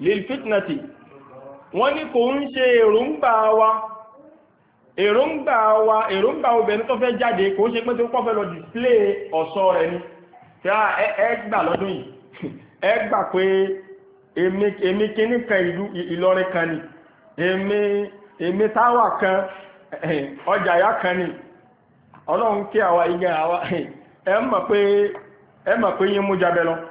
lilfitnati wọ́n ní kò ń ṣe èròǹgbà wa èròǹgbà wa èròǹgbà obìnrin tó fẹ́ jáde kò ń ṣe pé tó pọ́ lọ display ọ̀ṣọ́ rẹ̀ ni tí a ẹgbà lọ́dún yìí ẹgbà pé èmi kíní kan ìlú Ìlọrin kan ni èmi táwà kan ọjà yá kan ni ọlọ́run kí àwa igẹ́ àwa ẹ mọ̀ pé yín mú jábẹ́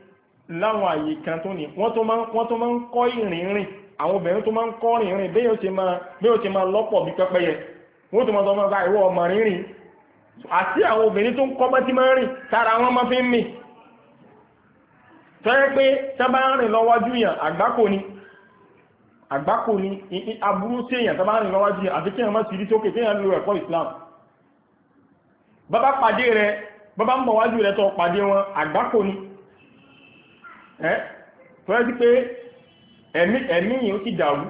láwọn àyè kan tó ní wọ́n tó máa ń kọ́ ìrìn rìn àwọn obìnrin tó máa ń kọ́ rìn rìn bí yóò ṣe máa lọ́pọ̀ bí pẹ́pẹ́yẹ wọ́n tó máa sọ máa ìwọ ọmọ rírìn àti àwọn obìnrin tó ń kọ́ máa fi ń mì tọ́yẹ́ pé tábà ń rìn lọ́wọ́jú yàn àgbákò ni àgbákò ni aburú waju èèyàn tábà ń rìn lọ́wọ́jú yàn àti kéèyàn máa rí lo ẹ̀kọ́ Islam bàbá pàdé rẹ bàbá ń bọ̀ wájú rẹ tó ẹ́ tó ẹ́ sí pé ẹ̀mí yìí ó ti dàrú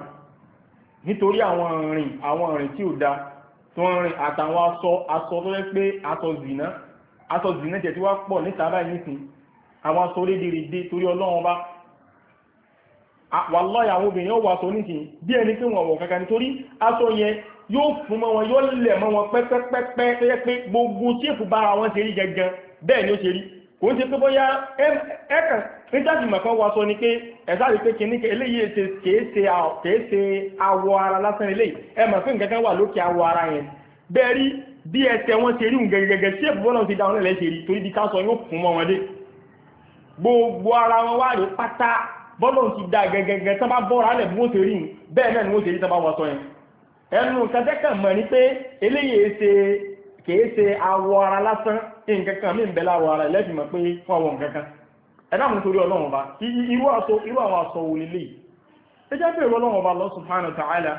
nítorí àwọn ìrìn àwọn ìrìn tí o da tó ń rìn àtàwọn aṣọ aṣọ tó yẹ pé asọ zìnà aṣọ zìnà jẹ tí wá pọ̀ níta báyìí nísìn àwọn torí ọlọ́run bá wàláhì obìnrin ó wà aṣọ nísìn bí ẹni pé wọn wọ̀ kankan nítorí yẹn yóò fún mọ́ wọn yóò lẹ̀ mọ́ wọn tó yẹ pé gbogbo bára wọn ṣe rí bẹ́ẹ̀ ni ó ṣe rí kò ń ṣe pé bóyá ẹ̀kàn nítàbí mọ̀kán wá sọ ni pé ẹ̀sáàrí pé kìíní eléyìí kèése awọ ara lásán eléyìí ẹ mọ̀ fún nǹkan wà lókè awọ ara yẹn bẹ́ẹ̀ rí bí ẹsẹ̀ wọn ṣe rí gẹ̀gẹ̀gẹ̀ sí ẹ̀bùbọ́n náà ti dáwọn ẹ̀lẹ́ ṣe rí torí bí ká sọ yóò fún mọ́ wọn dé gbogbo ara wọn wá rí pátá bọ́lọ̀ ti da gẹ̀gẹ̀gẹ̀ tán bá bọ́ra lẹ̀ bí wọ́n ṣe rí bẹ́ẹ̀ náà ni wọ́n ṣe lásán nǹkan mí ń bẹ láwọ ara ẹlẹ́fìmọ̀ pé fún àwọn nǹkan ẹ̀dàmù nítorí ọlọ́run ọba irú àwọn aṣọ wo nílé ẹjá bẹ̀rù ọlọ́run ọba Allah subhanahu wa ta'ala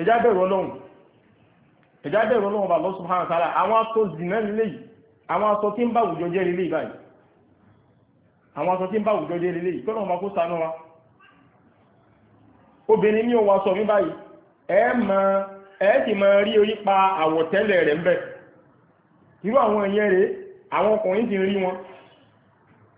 ẹjá bẹ̀rù ọlọ́run ẹjá bẹ̀rù ọlọ́run ọba Allah subhanahu wa ta'ala àwọn aṣọ zìnà nílé àwọn aṣọ tí ń bá àwùjọ jẹ́ nílé báyìí àwọn aṣọ tí ń bá àwùjọ jẹ́ nílé kọ́nà ọba kó sanú wa obìnrin ní ọwọ́ aṣọ mi báyìí ẹ mọ ẹ sì mọ rí orí pa àwọ̀tẹ́lẹ̀ rẹ̀ ń bẹ̀ irú àwọn ẹ̀yẹn rèé àwọn ọkùnrin ti rí wọn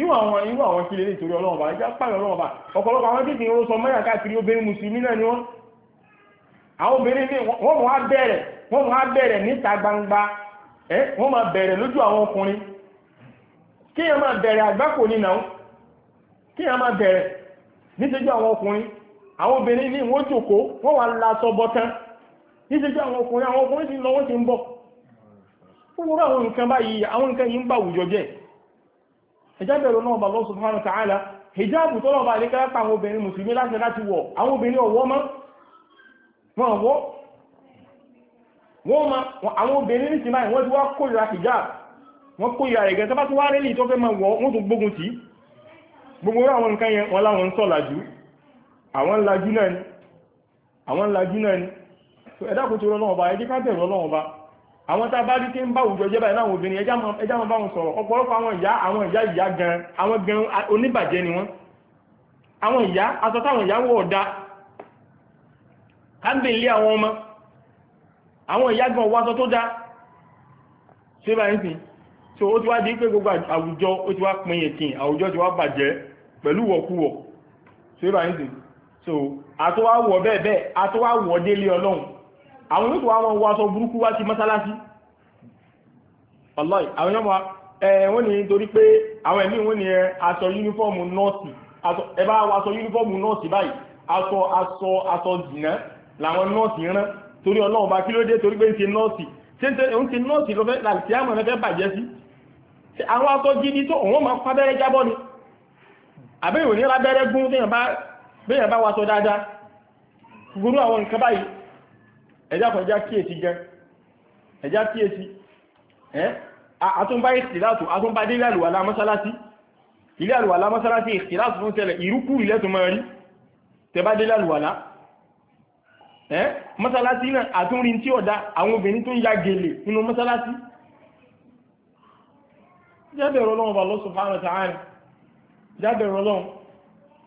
ìwọ̀n àwọn ìwọ̀n àwọn kí lè lè torí ọlọ́run bá ẹjá pààrọ̀ ọlọ́run bá ọ̀pọ̀lọpọ̀ àwọn tí kì í rọ́sọ mẹ́rin káàkiri obìnrin mùsùlùmí náà ni wọ́n àwọn obìnrin ní wọ́n mọ̀ á bẹ̀rẹ̀ wọ́n mọ̀ á bẹ̀rẹ̀ níta gbangba wọ́n máa bẹ̀rẹ̀ lójú àwọn ọkùnrin ìjábẹ̀ ìrọ̀nà ọba Allah subhanahu wa ta'ala hijabu tó lọ́ba àríkà láta àwọn obìnrin mùsùlùmí láti láti wọ̀ àwọn obìnrin ọ̀wọ́ mọ́ wọn wọ́ wọ́n ma àwọn obìnrin ní sinmi wọ́n ti wá kórìíra hijab wọ́n kórìíra rẹ̀ gẹ́gẹ́ tó bá ti wá rẹ́lì tó fẹ́ máa wọ̀ wọ́n tún gbógun tì gbogbo àwọn nǹkan yẹn wọn láwọn ń sọ làjú àwọn làjú náà ni àwọn làjú náà ni ẹ̀dá kò tó rọ́ lọ́wọ́ bá ẹ̀dí ká bẹ̀rù Ọlọ́run bá àwọn tá a bá rí tí ń bá òjò jẹ́ báyìí láwọn obìnrin ẹjá mọ́ bá wọn sọ̀rọ̀ ọ̀pọ̀lọpọ̀ àwọn ìyá àwọn ìyá ìyá gan àwọn gan oníbàjẹ́ ni wọ́n àwọn ìyá aṣọ táwọn ìyá wọ̀ ọ̀dá káńbìnlé àwọn ọmọ àwọn ìyá gan wáṣọ tó dá ṣé báyìí sìn so ó ti wá di pé gbogbo àwùjọ ó ti wá pin èkìn àwùjọ ti wá bàjẹ́ pẹ̀lú wọ̀kúwọ̀ ṣé báyìí sìn so àtọwà wọ̀ bẹ́ẹ̀ bẹ́ẹ̀ àtọwà wọ̀ délé ọlọ́run àwọn yóò tó wá wọn wáṣọ burúkú wá sí mọ́sálásí ọlọ́ì àwọn yọ́mọ̀ wọ́n ní torí pé àwọn ẹ̀mí wọ́n ní aṣọ yúnífọ́ọ̀mù nọ́ọ̀sì ẹ bá wáṣọ yúnífọ́ọ̀mù nọ́ọ̀sì báyìí aṣọ aṣọ aṣọ jìnà làwọn nọ́ọ̀sì rán torí ọlọ́run bá kí ló dé torí pé ń ṣe nọ́ọ̀sì ṣé ń ṣe nọ́ọ̀sì lọ́fẹ́ làlùsí àmọ̀ rẹ fẹ́ bàjẹ́ sí àwọn aṣọ gidi tó òun máa fábẹ́rẹ́ jábọ́ ni àbẹ́yìn ò ní rábẹ́rẹ́ gún bẹ́yàn bá wáṣọ dáadáa gbogbo àwọn nǹkan báyìí ẹjá fún ẹjá kíyèsí gẹ ẹjá kíyèsí ẹ́ àtúnbá ìsìlátù àtúnbá délé àlùwàlá mọ́sálásí ilé àlùwàlá mọ́sálásí ìsìlátù fún tẹ́lẹ̀ ìrúkú ilẹ̀ tó máa rí tẹ́bá délé àlùwàlá ẹ́ mọ́sálásí náà àtúnrin tí ọ̀dá àwọn obìnrin tó ń ya gèlè nínú mọ́sálásí jábẹ̀rọ lọ́wọ́ bá lọ́sùn fáwọn tààrin jábẹ̀rọ lọ́wọ́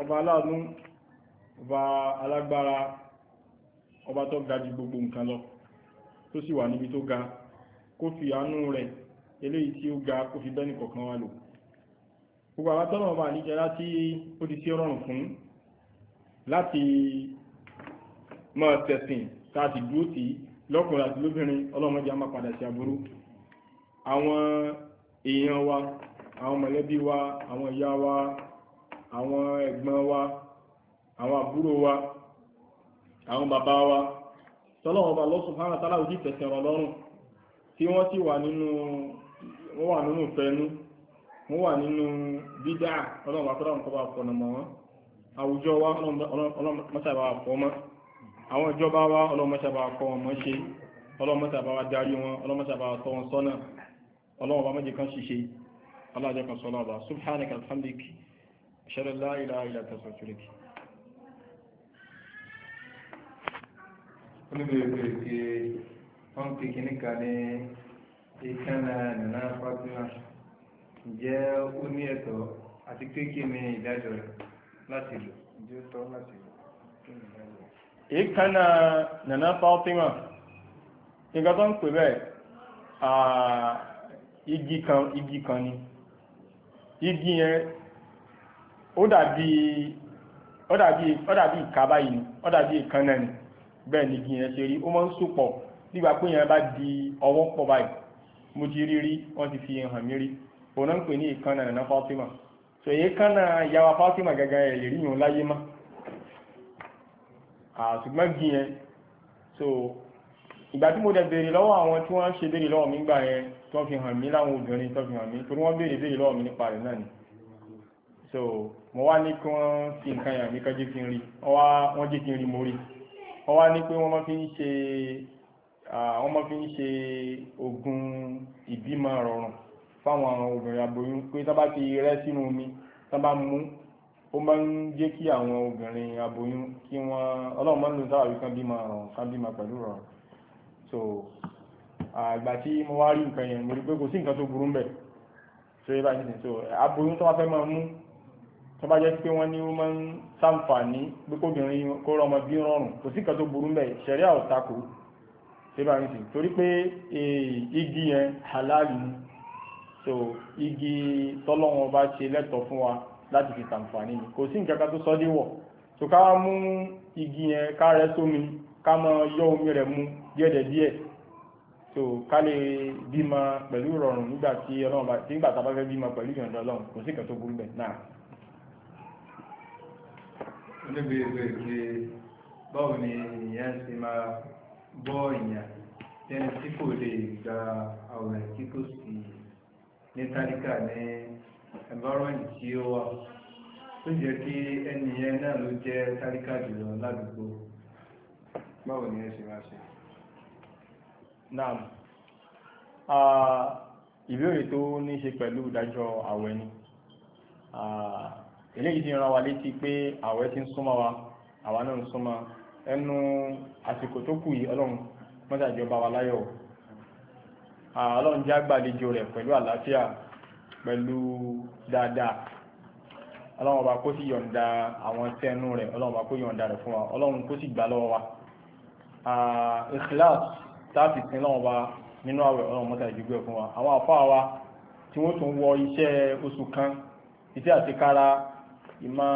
ọba aláàánú ọba alágbára ọba tó ga ju gbogbo nǹkan lọ tó sì wà níbi tó ga kó fi àánú rẹ̀ eléyìí tí ó ga kó fi dẹ́nì kọ̀ọ̀kan wá lò gbogbo àwọn tọ́nà ọba àníjẹ láti ó ti sí rọrùn fún láti máa tẹ̀sìn láti dúró tì lọ́kùnrin àti lóbìnrin ọlọ́mọdé a máa padà sí aburú àwọn èèyàn wa àwọn mọ̀lẹ́bí wa àwọn ìyá wa àwọn ẹ̀gbọ́n wa àwọn àbúrò wa àwọn bàbá wa tọ́lọ́wọ́n bá lọ́sùn fún àtàlà òjì tẹ̀sẹ̀ rọ̀ lọ́rùn tí wọ́n sì wà nínú wọ́n wà nínú fẹ́nu wọ́n wà nínú bídà ọlọ́run bá tọ́lọ́run kọ́ bá fọ̀nà mọ́ wọn àwùjọ wa ọlọ́run mọ́sàbà fọ́ mọ́ àwọn ìjọba wa ọlọ́run mọ́sàbà kọ́ wọn mọ́ ṣe ọlọ́run mọ́sàbà wa darí wọn ọlọ́run mọ́sàbà tọ́ wọn sọ́nà ọlọ́run bá mọ́jẹ kan ṣiṣẹ́ aláàjọ kan sọ́nà ọba subhanaka alhamdulilayi أشهد أن لا إله إلا أنت أستغفرك olùbẹ̀rẹ̀ pé wọ́n pè kí ní kàní ìkànnà nínú fatima jẹ́ ó ní ẹ̀tọ́ àti pé kí ni ìdájọ́ rẹ̀ láti lò jẹ́ tọ́ láti lò ìkànnà nínú fatima nǹkan tó ń pè bẹ́ẹ̀ igi kan ni igi yẹn ó dàbí ó dàbí ó dàbí ìka báyìí ó dàbí ìkan náà ni bẹ́ẹ̀ ni igi yẹn ṣe rí ó máa ń sopọ̀ nígbà pé yẹn bá di ọwọ́ pọ̀ báyìí mo ti rí rí wọ́n ti fi hàn mí rí òun náà ń pè ní ìkan náà nana Fatima ṣòye kan náà ìyá wa Fatima gẹ́gẹ́ ẹ̀ lè rí yòó láyé mọ́ àṣùgbọ́n igi yẹn so ìgbà tí mo dẹ̀ béèrè lọ́wọ́ àwọn tí wọ́n ṣe béèrè lọ́wọ́ mi gbà yẹn tó fi hàn mí láwọn obìnrin tó fi hàn mí torí wọ́n béèrè béèrè lọ́wọ́ mi nípa rẹ̀ náà ni so mo wá ní kí wọ́n fi nǹkan yàn mí kan jẹ́ kí n rí wọ́n jẹ́ kí n rí mo rí wọ́n wá ní pé wọ́n máa fi ń ṣe wọ́n máa fi ń ṣe oògùn ìbímọ rọrùn fáwọn obìnrin aboyún pé tó bá ti rẹ́ sínú omi tó bá mú ó máa ń jẹ́ kí àwọn obìnrin aboyún kí wọ́n ọlọ́run máa ń lo sáwàrí kan bímọ rọrùn kan bímọ pẹ̀lú rọrùn so àgbà tí mo wá rí nǹkan yẹn mo rí pé kò sí nǹkan tó burú ń bẹ̀ so yíba ní sìn so aboyún tó wá fẹ́ máa mú tó bá jẹ́ pé wọ́n ní wọ́n máa ń sàǹfààní pé kóbìnrin kó rọmọ bí rọrùn kò sí kan tó burú mẹ́ ṣẹ̀rí àwòtakò síbà ní sí torí pé eh, igi yẹn halali ni so igi tọ́lọ́wọ́n bá ṣe lẹ́tọ̀ọ́ fún wa láti fi sàǹfààní ni kò sí nǹkan kan tó sọ díwọ̀ so ká mú igi yẹn ká rẹ sómi ká máa yọ omi rẹ̀ mu díẹ̀dẹ̀díẹ̀ so ká lè bímọ pẹ̀lú ìrọ̀rùn nígbà tí ọlọ́run bá nígbà tá a bá fẹ́ bímọ pẹ̀lú ìyọ̀ǹda ọlọ́run kò sí nǹkan tó burú bẹ́ẹ̀ náà oníbèrè pé báwo ni èèyàn ṣe máa gbọ́ èèyàn lẹ́ni tí kò lè gba àwẹ̀ tí kò sí ní tálíkà ní environment tí ó wà tó jẹ́ kí ẹni yẹn náà ló jẹ́ tálíkà jùlọ ládùúgbò báwo ni ẹ ṣe máa ṣe. Nam, ìbéèrè tó ní ṣe pẹ̀lú ìdájọ́ àwẹ̀ ni. Uh, eléyìí ti ràn wá létí pé àwẹ̀ ti ń súnmọ́ wa àwa náà ń súnmọ́ ẹnu àsìkò tó kù yìí ọlọ́run mọ́tàjọba wa láyọ̀ ọlọ́run já gbàlejò rẹ̀ pẹ̀lú àlàáfíà pẹ̀lú dáadáa ọlọ́run ọba kó sì yọ̀ǹda àwọn tẹ́nu rẹ̀ ọlọ́run ọba kó yọ̀ǹda rẹ̀ fún wa ọlọ́run kó sì gbà lọ́wọ́ wa ikhlas táàfì sí ọlọ́run ọba nínú àwẹ̀ ọlọ́run mọ́tàjọba fún wa àwọn àfáà wa tí wọ́n tún wọ iṣẹ́ oṣù kan iṣẹ́ àtikára ìmọ̀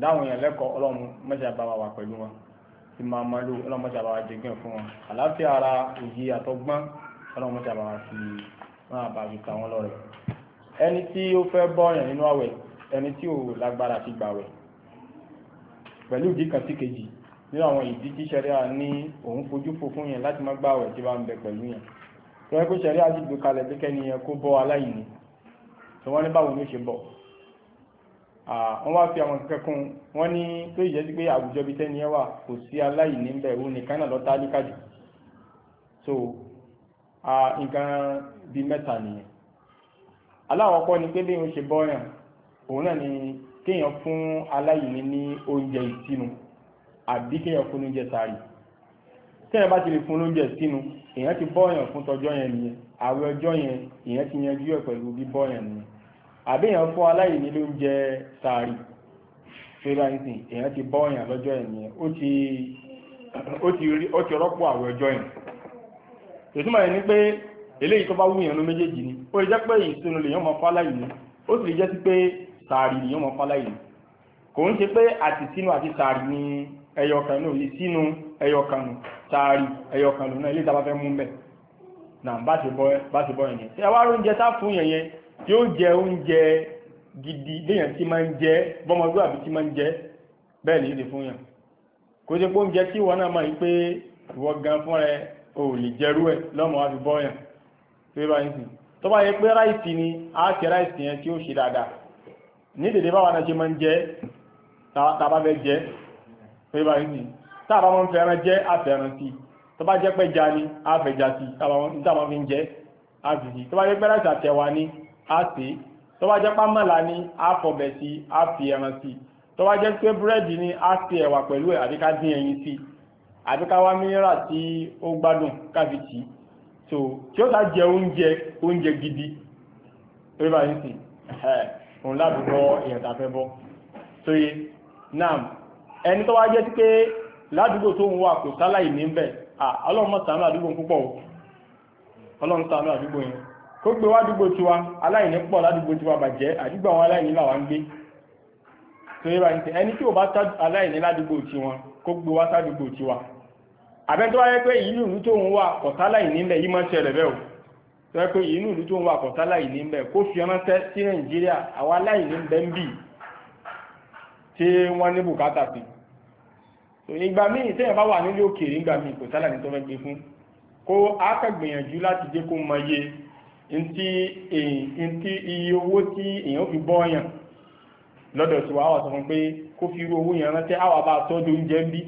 dáhùn èèyàn lẹ́kọ̀ọ́ ọlọ́run mọ́ṣẹ́ bá wa pẹ̀lú wọn ìmọ̀ àmàlò ọlọ́run mọ́ṣẹ́ bá wa jẹ gbẹ̀ fún wọn àlàáfíà ara òye àtọgbọ́n ọlọ́run mọ́ṣẹ́ bá wa fi máa bá fi ta wọn lọ́rẹ̀ ẹni tí ó fẹ́ bọ́ọ̀yàn nínú àwẹ̀ ẹni tí ò lágbára ti gbàwẹ̀ pẹ̀lú ìdí kan sí kejì nínú àwọn ìdí tí sẹ́ríà ní òun fojú fò fún yẹn láti má gbàwẹ̀ tí bá ń bẹ pẹ̀lú yẹn tó yẹ kó sẹ́ríà ti gbé kalẹ̀ pé kẹ́ni yẹn kó bọ́ aláìní tí wọ́n ní báwo ni ṣe bọ̀ wọ́n wá fi àwọn nǹkan kún wọ́n ní tó ìjẹ́ sí pé àwùjọ bíi tẹ́ni ẹ wà kò sí aláìní ń bẹ̀ òun nìkan náà lọ́ta líkàjù so nǹkan bíi mẹ́ta nìyẹn aláwọ̀kọ́ ni pé bí wọ́n ṣe bọ́yàn òun náà ni kéèyàn fún aláìní ní oúnjẹ ìsinu àbí kéèyàn fún oúnjẹ sàárì tẹ́yàn bá ti lè fún oúnjẹ ìsinu èèyàn ti bọ́yàn fún tọjọ́ yẹn nìyẹn àwọn ọjọ́ yẹn èèyàn ti yanjú ẹ̀ pẹ̀lú bí bọ́yàn nìyẹn àbíyàn fún aláìní ló ń jẹ sàárì fẹ́lá ní èèyàn ti bọ́ lọ́jọ́ ìyẹn ó ti rọ́pò àwọ̀ ẹjọ́ yẹn ìtumọ̀ yẹn pé eléyìí tó bá ló méjèèjì ni ó lè jẹ́ pé ìsinú lèyàn mọ ó sì lè jẹ́ sí pé mọ kò ń ṣe pé àti sínú àti ni sínú nù náà ilé ìta bá fẹ́ mú náà bá ti bọ́ yẹn yóò jẹ oúnjẹ gidi léèyàn tí máa ń jẹ bọ́mọdún àbí tí máa ń jẹ bẹ́ẹ̀ ní ìdí fún yàn kò jẹ́ pé oúnjẹ tí ìwọ náà máa ń pé ìwọ fún ẹ ò lè jẹrú ẹ lọ́mọ wá fi bọ́ yàn tó bá yín sìn tó bá yẹ pé ráìsì ni á kẹ ráìsì yẹn tí ó ṣe dáadáa ní dèdè báwa náà ṣe máa ń jẹ tàbá fẹ́ jẹ tó bá yín sìn tàbá máa ń fẹ́ràn jẹ àfẹ́ràn sí tó bá jẹ́ pé ja ni àfẹ́jà sí tàbá máa fi ń jẹ àfìsí tó bá yẹ pé ráìsì àtẹ̀wá ni á sè é tó bá jẹ́ pámọ́là ni á fọbẹ̀ sí i á fi ẹran sí i tó bá jẹ́ pé búrẹ́dì ni á ẹ̀wà pẹ̀lú ẹ̀ àbí dín ẹyin sí i wá mìírà tí ó gbádùn káfi so tí ó sá jẹ oúnjẹ oúnjẹ gidi pé bá yín sì òun láti bọ èèyàn tá a fẹ́ bọ́ sóye náà ẹni tó wá jẹ́ pé ládùúgbò tó ń wà ọlọ́run mọ̀ sàánú àdúgbò púpọ̀ kó gbé wá dúgbò tiwa aláìní pọ̀ ládùúgbò tiwa bàjẹ́ àdúgbò àwọn aláìní làwọn ń gbé tó yẹ báyìí ẹni tí ò bá tá aláìní ládùúgbò tiwọn kó gbé wá sádùúgbò tiwa àbẹ́ tó wáyé pé ìlú ìlú tó ń wà kọ̀tá láìní ńlẹ̀ yìí máa ń ṣẹlẹ̀ bẹ́ẹ̀ o tó yẹ pé ìlú ìlú tó ń wà kọ̀tá láìní ńbẹ̀ kó fi ránṣẹ́ sí nàìjíríà àwọn aláìní ńbẹ̀ ń bì tí wọ́n ní bùkátà sí ìgbà míì tẹ́yìn bá wà nílé òkèèrè ìgbà míì kò sálà ní tó fẹ́ gbé fún kó akẹ́gbìyànjú láti jẹ́ kó mọ iye Eh, ntí iye owó tí èèyàn fi bọ́ yàn lọ́dọ̀ tí wàá wà sọ fún pé kó fi irú owó yẹn rántí àwọn bá tọ́jú oúnjẹ ń bí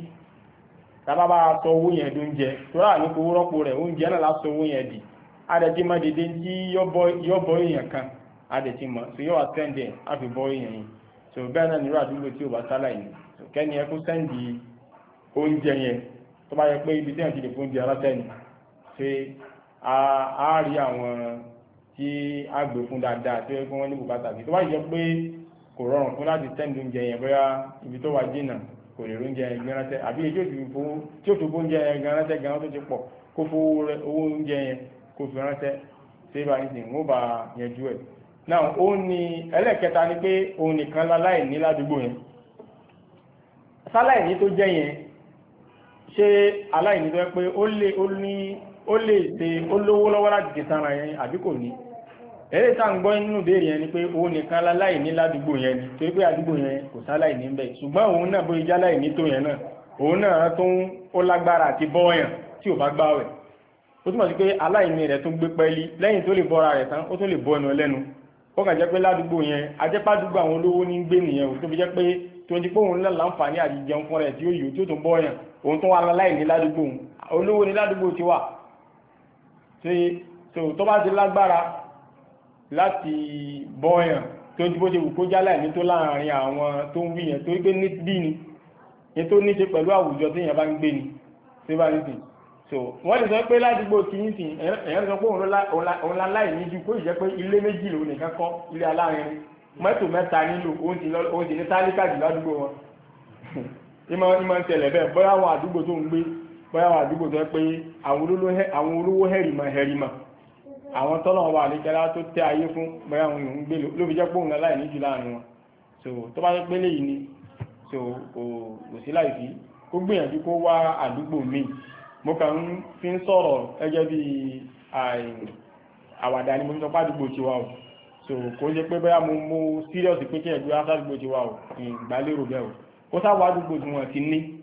tábà bá sọ owó yẹn di oúnjẹ tó rà ní owó rọ́pò rẹ̀ oúnjẹ náà lásọ owó yẹn di adẹ̀tí má dédé tí yọ́bọ èèyàn kan adẹ̀tí mọ̀ so yọ́wà sẹ́ndì ẹ̀ á fi bọ́ èèyàn yìí so bẹ́ẹ̀ náà nírú àdúgbò tí ò a rí àwọn tí a gbé fún dáadáa tí wọ́n ní bùkátà sí tó bá jẹ́ pé kò rọrùn fún láti tẹ́ǹdì oúnjẹ yẹn bóyá ibi tó wà jìnnà kò lè róúnjẹ yẹn gan ránṣẹ́ àbí èyí tí ó tó oúnjẹ yẹn gan ránṣẹ́ gan tó ti pọ̀ kó fowó owó oúnjẹ yẹn kó fi ránṣẹ́ tí bá ní sìn wọ́n bá yanjú ẹ̀ náà ó ní ẹlẹ́ẹ̀kẹta ni pé òun nìkan láláì ní ládùúgbò yẹn sáláì ní tó jẹ́ yẹn ṣé aláìní tó yẹ pé ó ní ó lè ṣe olówó lọ́wọ́ láti ti sára yẹn àbí kò ní eré tá à ń gbọ́ nínú ìbéèrè yẹn ni pé òun nìkan láláì ní ládùúgbò yẹn ni torí pé àdúgbò yẹn kò sáláì ní bẹ́ẹ̀ ṣùgbọ́n òun náà bóyá jáláì ní tó yẹn náà òun náà tó ń ó lágbára àti bọ́ọ̀yàn tí ò bá gbáwẹ̀ ó túmọ̀ sí pé aláìní rẹ̀ tún gbé pẹ́ẹ́lí lẹ́yìn tó lè bọ́ra rẹ̀ tán ó tún lè bọ́ ẹnu ẹlẹ́nu ó kàn jẹ́ pé ládùúgbò yẹn ajẹ́pàdùgbò àwọn olówó ní gbé nìyẹn ò tó fi jẹ́ pé tonti pé òun láǹfààní àti fún rẹ̀ tí ó yòó tí ó tún bọ́ọ̀yàn òun tó wà láìní ládùúgbò òun olówó ní ládùúgbò ti wà tí tó bá ti lágbára láti bọ́ọ̀yàn tó ti bó ṣe wù kó jálá ẹ̀mí tó láàrin àwọn tó ń wíyàn tó gbé ní bí ni ní tó ní ṣe pẹ̀lú àwùjọ tí èèyàn bá ń gbé ni tí bá ní sìn so wọ́n lè sọ pé ládùúgbò kì í sìn èèyàn sọ pé òun láláì ní ju kó ìjẹ́ pé ilé méjì lòun nìkan kọ́ ilé aláàrin mọ́tò mẹ́ta nílò òun ti ní tálíkà jù ládùúgbò wọn ìmọ̀ ìmọ̀ ń tẹ̀lẹ̀ bẹ́ẹ̀ bóyá àwọn àdúgbò tó ń gbé bóyá àwọn àdúgbò tó pé àwọn olówó hẹ̀rìmọ̀ hẹ̀rìmọ̀ àwọn tọ́lọ̀ wà níkẹ́lá tó tẹ́ ayé fún bóyá àwọn èèyàn ń gbé ló fi jẹ́ pé òun aláìní jù láàrin wọn so tó bá jẹ́ pé léyìí ni so kò sí láì fi kó gbìyànjú kó wá àdúgbò míì mo kàn ń fi ń sọ̀rọ̀ gẹ́gẹ́ bí àwàdà ni mo ń sọ pé àdúgbò tiwa o so kò ń ṣe pé bóyá mo mo serious pé kí ẹ̀gbẹ́ àdúgbò tiwa o ìgbàlérò bẹ́ẹ̀ o kó sáwọ́ àdúgbò tí wọ́n ti ní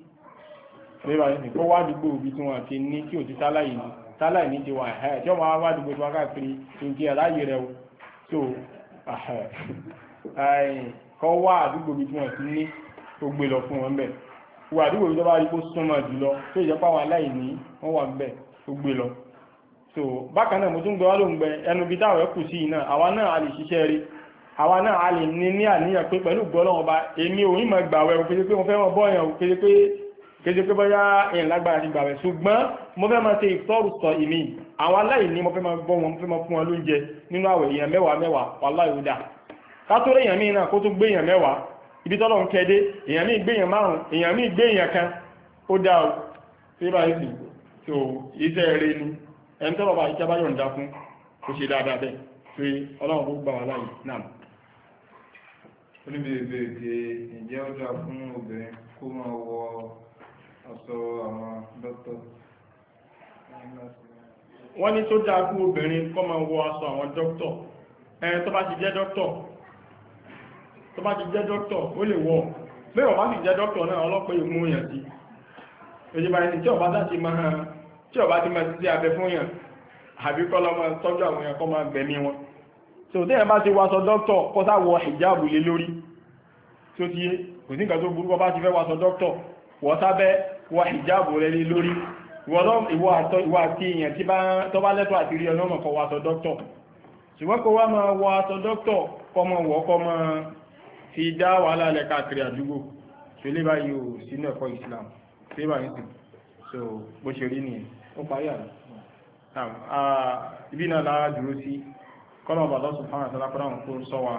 lébà ní kó wá àdúgbò òbí tí wọ́n ti ní tí ò ti sáláì ní sáláì ní ti wà ẹ̀ tí wọ́n máa wá àdúgbò tí wọ́n káàkiri nǹkan aláyè rẹ̀ o so kọ́ wá àdúgbò bí tí wọ́n ti ní tó gbé lọ fún wọn bẹ̀ wọ àdúgbò bí tó bá rí kó súnmọ́ jùlọ tó ìjọpá wọn aláìní wọ́n wà bẹ̀ tó gbé lọ so bákan náà mo tún gbọ́ ló ń gbẹ ẹnu bí táwọn ẹkù sí iná àwa náà a lè ṣiṣẹ́ rí àwa náà a lè ní ní àníyàn pé pẹ̀lú gbọ́ lọ́wọ́ bá èmi ò ní mọ̀ wẹ̀ òkèlè pé mo fẹ́ mọ̀ bọ́ọ̀yàn òkèlè pé kéde pé bọ́yá èèyàn lágbára ti gbà rẹ̀ ṣùgbọ́n mo fẹ́ máa ṣe ìtọ́rù sọ ìmí àwọn aláìní mo fẹ́ máa bọ́ wọn mo fẹ́ máa fún wọn lóúnjẹ nínú àwẹ̀ èèyàn mẹ́wàá mẹ́wàá wàhálà ìwúdà ká tó rẹ̀ èèyàn míì náà kó tó gbé èèyàn mẹ́wàá ibi tọ́lọ̀ ń kẹ́dé èèyàn míì gbé èèyàn márùn èèyàn míì gbé èèyàn kan ó dá o ṣé bá yìí tó fún obìnrin kó máa wọ ọ̀sọ̀ àwọn dọ́tọ̀ wọ́n ní tó dáa fún obìnrin kọ́ máa wọ aṣọ àwọn dọ́kítọ̀ ẹni tó bá ti jẹ́ dọ́kítọ̀ tó bá ti jẹ́ dọ́kítọ̀ ó lè wọ̀ bẹ́ẹ̀ wọ́n bá ti jẹ́ dọ́kítọ̀ náà ọlọ́pẹ́ ìmú yàn sí ìjọba ẹni tí ọba láti máa hàn tí ọba ti máa ti abẹ fún yàn àbí kọ́ lọ́mọ tọ́jú àwọn yàn kọ́ máa gbẹ̀mí wọn tí ò tẹ́yàn bá ti fẹ́ wọ aṣọ dọ́kítọ̀ sábẹ́ wọ hijabu rẹ lé lórí ìwọ àti èèyàn tí tó bá lẹ́tọ̀ àti rí ọlọ́mọ̀ kọ wàtọ̀ dọ́kítọ̀ ṣùgbọ́n kó wá máa wọ aṣọ dọ́kítọ̀ kọmọ wọ́ kọmọ fi dá wàhálà lẹ káàkiri àdúgbò tó lè bá yóò sínú ẹ̀kọ́ Islam tó bá yìí sìn so bó ṣe rí nìyẹn ó parí àrùn ibi náà lára dúró sí kọ́nà bàbá subhanahu ta'ala kọ́nà kó sọ wa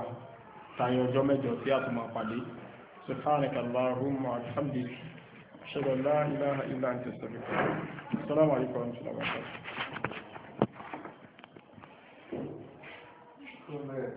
tayọ ọjọ́ mẹ́jọ tí a tún máa pàdé subhanaka Allahumma alhamdulillah أشهد أن لا إله إلا أنت أستغفرك السلام عليكم ورحمة الله وبركاته